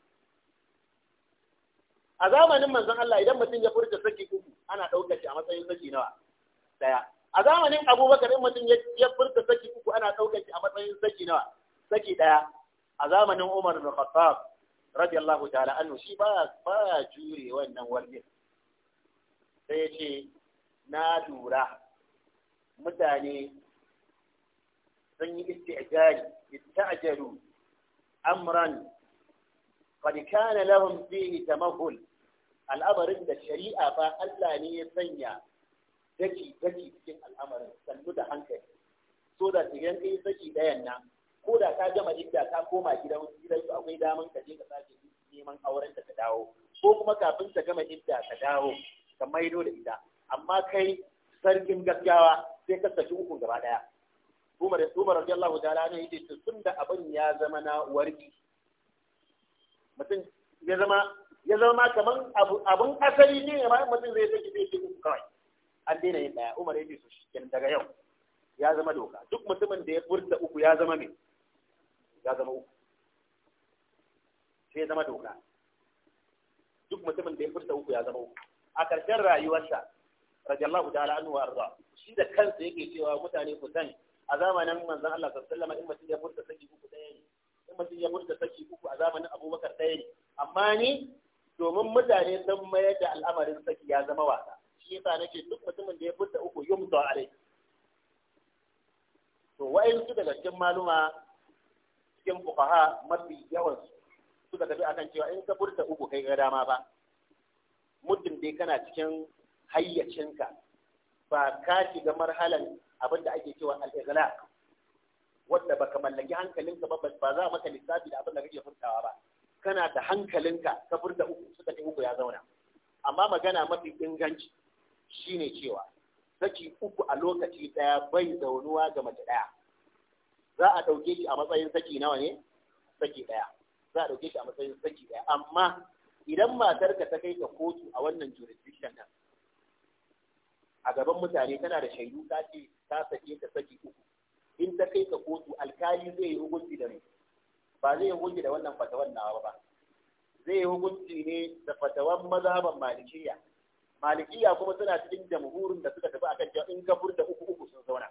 a zamanin manzon Allah idan mutum ya furta saki uku ana ɗaukar shi a matsayin saki nawa daya a zamanin abubakar in mutum ya furta saki uku ana ɗaukar shi a matsayin saki nawa saki daya a zamanin umar bin khattab radiyallahu ta'ala anhu shi ba ba jure wannan wargin sai ya ce na lura mutane sun yi isti'jali ista'jalu amran qad kana lahum al'amarin da shari'a ba Allah ne ya sanya daki daki cikin al'amarin sannu da hankali so da kai saki dayan nan ko da ka gama idda ka koma gidan gidan su akwai daman ka je ka sake neman auren ka dawo ko kuma kafin ka gama idda ka dawo ka maido da ita amma kai sarkin gaggawa sai ka saki uku gaba ɗaya. Umar Umar Allah ta'ala ne yake to da abin ya zama na warki mutum ya zama ya zama kaman abun asali ne bayan mutum zai saki zai ce uku kawai an daina yin daya Umar yake to shikenan daga yau ya zama doka duk mutumin da ya furta uku ya zama me ya zama uku sai ya zama doka duk mutumin da ya furta uku ya zama uku a ƙarshen rayuwarsa radiyallahu ta'ala anhu wa arda shi da kansa yake cewa mutane ku sani a zamanin manzon Allah sallallahu alaihi wasallam in mutum ya furta saki uku ɗaya ne in mutum ya furta saki uku a zamanin Abubakar ɗaya ne amma ni domin mutane sun mayar da al'amarin saki ya zama wasa shi yasa nake duk mutumin da ya furta uku da alai to wa'in su daga cikin maluma cikin fuqaha mafi yawan suka tafi akan cewa in ka furta uku kai ga dama ba muddin dai kana cikin hayyacinka ba ka shiga marhalan abin da ake cewa al-ighlaq wanda baka mallaki hankalinka ba ba za maka lissafi da abin da kake furtawa ba kana da hankalinka ka furta uku suka ce uku ya zauna amma magana mafi inganci shine cewa saki uku a lokaci daya bai zaunuwa ga mace daya za a dauke shi a matsayin saki nawa ne saki daya za a dauke shi a matsayin saki daya amma idan matarka ta kai ka kotu a wannan jurisdiction nan a gaban mutane tana da shaidu ta ce ta sake ta saki uku in ta kai ka kotu alkali zai yi hukunci da mai ba zai yi hukunci da wannan fatawan nawa ba zai yi hukunci ne da fatawan mazhaban malikiya malikiya kuma suna cikin jamhurin da suka tafi akan cewa in kafur da uku uku sun zauna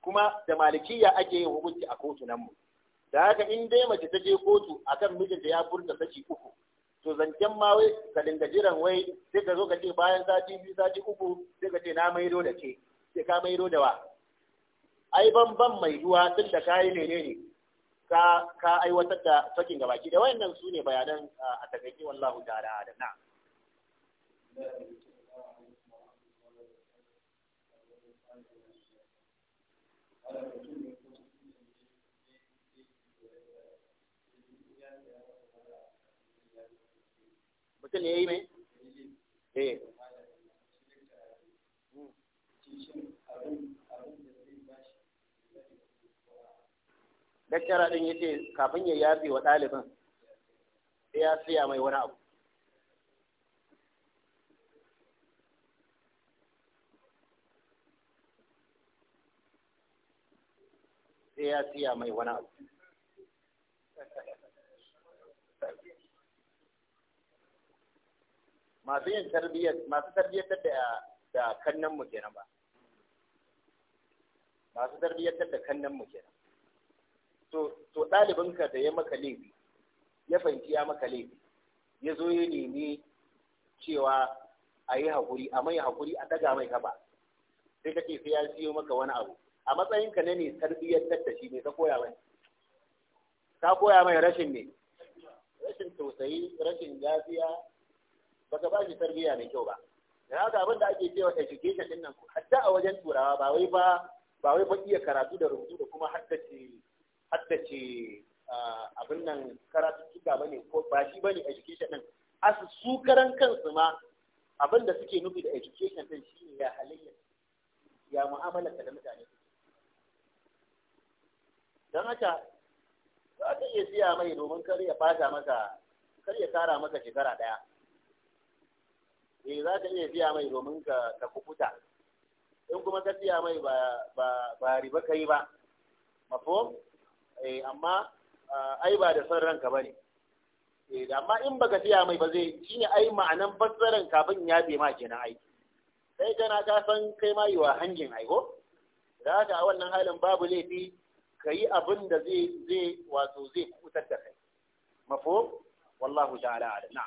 kuma da malikiya ake yin hukunci a kotu nan mu da haka in dai mace ta je kotu akan mijinta ya furta saki uku to zancen ma wai ka dinga jiran wai sai ka zo ka ce bayan sati biyu sati uku sai ka ce na maido da ke sai ka maido da wa ai banban mai ruwa tun da kayi ne ka ka aiwatar da sakin baki da wayannan su ne bayanan a takaice wallahu ta'ala da na mutum ne ya yi mai? Daktara din yace kafin ya yafe wa ɗalibin sai ya siya mai wani abu. Sai ya siya mai wani abu. Masu yin tarbiyyar, masu tarbiyyar da da kannan mu kenan ba. Masu tarbiyyar da kannan mu kenan. to ɗalibinka da ya maka laifi ya fanki ya maka laifi ya zo ya nemi cewa a yi haƙuri a mai haƙuri a daga mai kafa sai kake sai ya siyo maka wani abu a matsayinka na ne tarbiyyar tattashi, ne ka koya mai ka koya mai rashin ne rashin tausayi rashin gafiya baka ba shi tarbiyya mai kyau ba da haka abin da ake cewa education din nan hatta a wajen turawa ba wai ba ba wai ba iya karatu da rubutu da kuma haddace haddace ah, abin nan karatuttuka ba ne ko ba shi ba ne education din asu su karan kansu ma abin da suke nufi da education din shi ne ya halayya ya mu'amala da mutane don haka za ka iya siya mai domin kar ya fata maka kar ya tara maka shekara ɗaya eh za ka iya siya mai domin ka ka kukuta in kuma ka siya mai ba ba ba riba kai ba mafhum Eh, amma ah, ai ba da san ranka ba ne eh, amma in baka siya mai ba zai shi ne ai ma'anan fassaran kafin ya be ma kenan ai sai kana ka san kai ma yi wa hangin ai ko da haka a wannan halin babu laifi ka yi abin da zai zai wato zai kutar da kai mafo wallahu ta'ala a na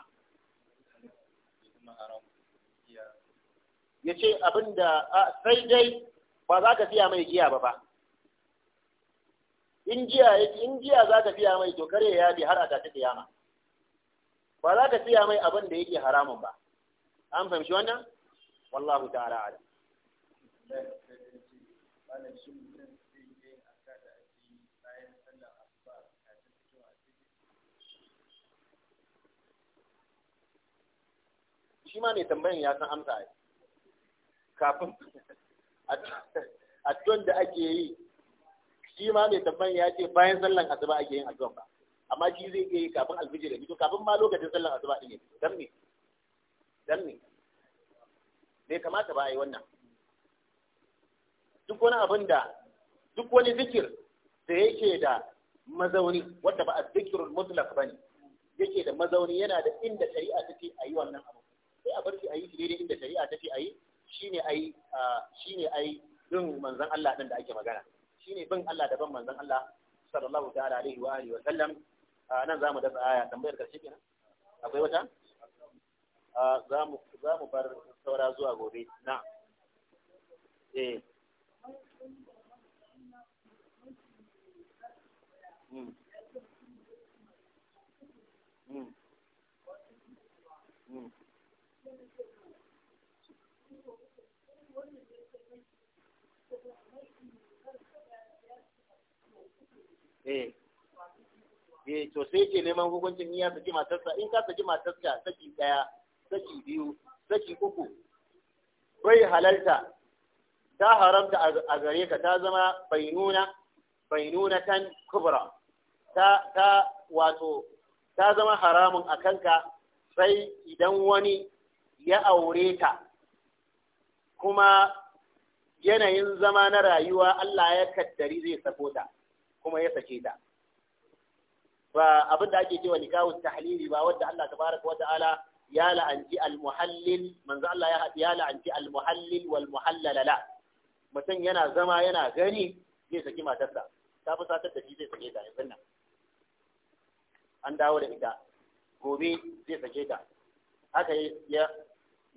ya ce abin da ah, sai dai ba za ka siya mai giya ba ba in jiya in jiya za ka fiya mai dokar ya bi har a ta kiyama ba za ka siya mai abin da yake haramun ba an fahimci wannan wallahu ta'ala alam shi ma ne tambayin ya san amsa ai kafin a da ake yi shi ma mai tambayan ya ce bayan sallan asuba ake yin addu'a ba amma shi zai iya yi kafin alfijir da fito kafin ma lokacin sallan asuba din ne, dan me dan me bai kamata ba a yi wannan duk wani abin da duk wani zikir da yake da mazauni wanda ba a zikirul mutlaq bane yake da mazauni yana da inda shari'a take a yi wannan abu sai a bar shi a yi shi daidai inda shari'a take a yi shine ai shine ai din manzon Allah din da ake magana shine bin Allah da ban manzon Allah sallallahu ta'ala alaihi wa alihi wa sallam nan zamu da aya tambayar karshe kenan akwai wata zamu zamu bar saura zuwa gobe na eh Mm. Mm. Eh. eh to sai ke neman hukuncin in ya saki matarsa in ka saki matarsa saki daya saki biyu saki uku bai halalta ta haramta a gare ka ta zama bainuna kubra ta ta wato ta zama haramun a kanka sai idan wani ya aure ta kuma yanayin zama na rayuwa Allah ya kaddari zai sako ta kuma ya sake ta ba abin da ake cewa nikahu tahlili ba wanda Allah tabaraka wa ta'ala ya la'anci al-muhallil manzo Allah ya ya la'anci al-muhallil wal muhallala la mutum yana zama yana gani zai saki matarsa ta fi satar da shi zai sake ta yanzu nan an dawo da ita gobe zai sake ta haka ya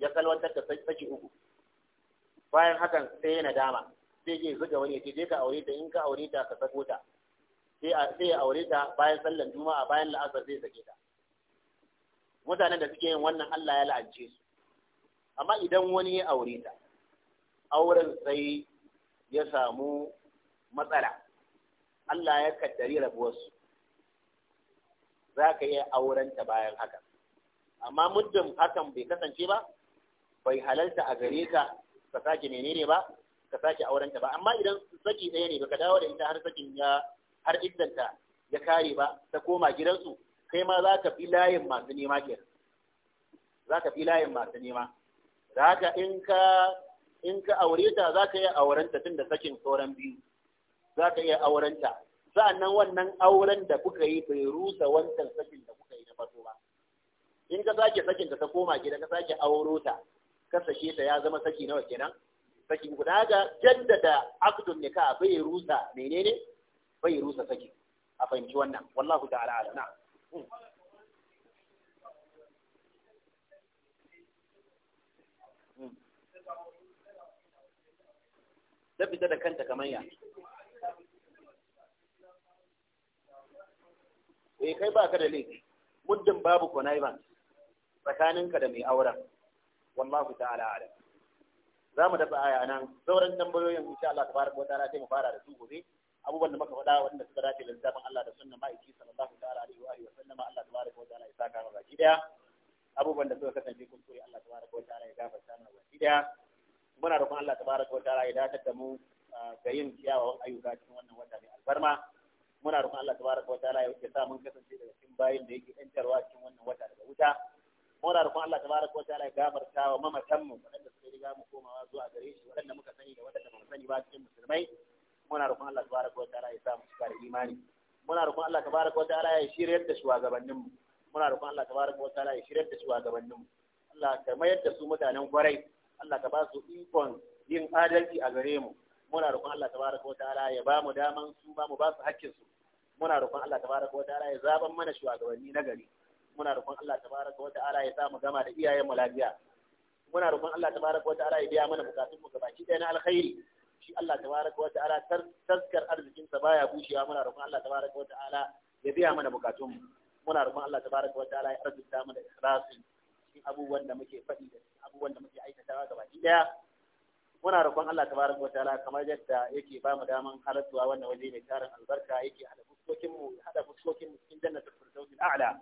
ya kalwantar da saki uku bayan hakan sai yana dama sai je zuga wani ce je ka aure ta in ka aure ta ka sako ta sai ya aure ta bayan sallan juma'a bayan la'asar zai sake ta mutanen da suke yin wannan Allah ya la'ance su amma idan wani ya aure ta auren sai ya samu matsala Allah ya kaddari rabuwarsu za ka iya aurenta bayan haka amma muddin hakan bai kasance ba bai halarta a gare ka ka sake menene ba ka sake auren ta ba amma idan saki ɗaya ne baka dawo da ita har sakin ya har iddanta ya kare ba ta koma gidansu kai ma za ka fi layin masu nema ke za ka fi layin masu nema zaka in ka in ka aure ta za ka iya aurenta tun da sakin sauran biyu za ka iya aurenta sa'annan wannan auren da kuka yi bai rusa wancan sakin da kuka yi na farko ba in ka sake sakin ta ta koma gida ka sake auro ta ka sake ta ya zama saki nawa kenan saki guda da haka jaddada akdun nikah bai rusa menene bai rusa saki a fahimci wannan wallahu ta'ala na hmm. ta fita da kanta kamar ya eh kai ba ka da laifi muddin babu connivan tsakaninka da mai auren wallahu ta'ala alam za mu dafa aya nan sauran tambayoyin insha Allah tabaraka wa ta'ala sai mu fara da su gobe abubuwan da muka faɗa wanda suka dace da littafin Allah da sunnan ma'aiki sallallahu ta'ala alaihi wa alihi wa Allah tabaraka wa ta'ala ya saka mu baki daya abubuwan da suka kasance kuskure Allah tabaraka wa ta'ala ya gafarta mana baki daya muna roƙon Allah tabaraka wa ta'ala ya dakatar da mu ga yin kiyawawan ayyuka cikin wannan wata mai albarma muna roƙon Allah tabaraka wa ta'ala ya sa mun kasance daga cikin bayin da yake ɗantarwa cikin wannan wata daga wuta muna roƙon Allah tabaraka wa ta'ala ya gamarta wa mamatan mu waɗanda suka riga mu komawa zuwa gare shi wanda muka sani da wanda ba mu sani ba cikin musulmai muna roƙon Allah tabaraka wa ta'ala ya sa mu cika da imani muna roƙon Allah tabaraka wa ta'ala ya shiryar da shugabannin mu da roƙon Allah tabaraka wa ta'ala ya shiryar da shugabannin mu Allah ka mayar da su mutanen gwarai Allah ka ba su ikon yin adalci a gare mu muna roƙon Allah tabaraka wa ta'ala ya ba mu daman su ba mu ba su hakkin su muna roƙon Allah tabaraka wa ta'ala ya zaban mana shugabanni na gari muna roƙon Allah tabaraka wa ta'ala ya samu gama da iyayen mu lafiya muna roƙon Allah tabaraka wa ta'ala ya biya mana bukatun mu gabaki ɗaya na alkhairi shi Allah tabaraka wa ta'ala taskar arzikin sa baya bushewa muna roƙon Allah tabaraka wa ta'ala ya biya mana bukatun mu muna roƙon Allah tabaraka wa ta'ala ya arzuta mu da ikhlasi cikin abubuwan da muke faɗi da abubuwan da muke aikatawa gabaki daya? muna roƙon Allah tabaraka wa ta'ala kamar yadda yake ba mu daman halartuwa wannan waje mai tarin albarka yake hada fuskokin mu hada fuskokin mu cikin jannatul firdausil a'la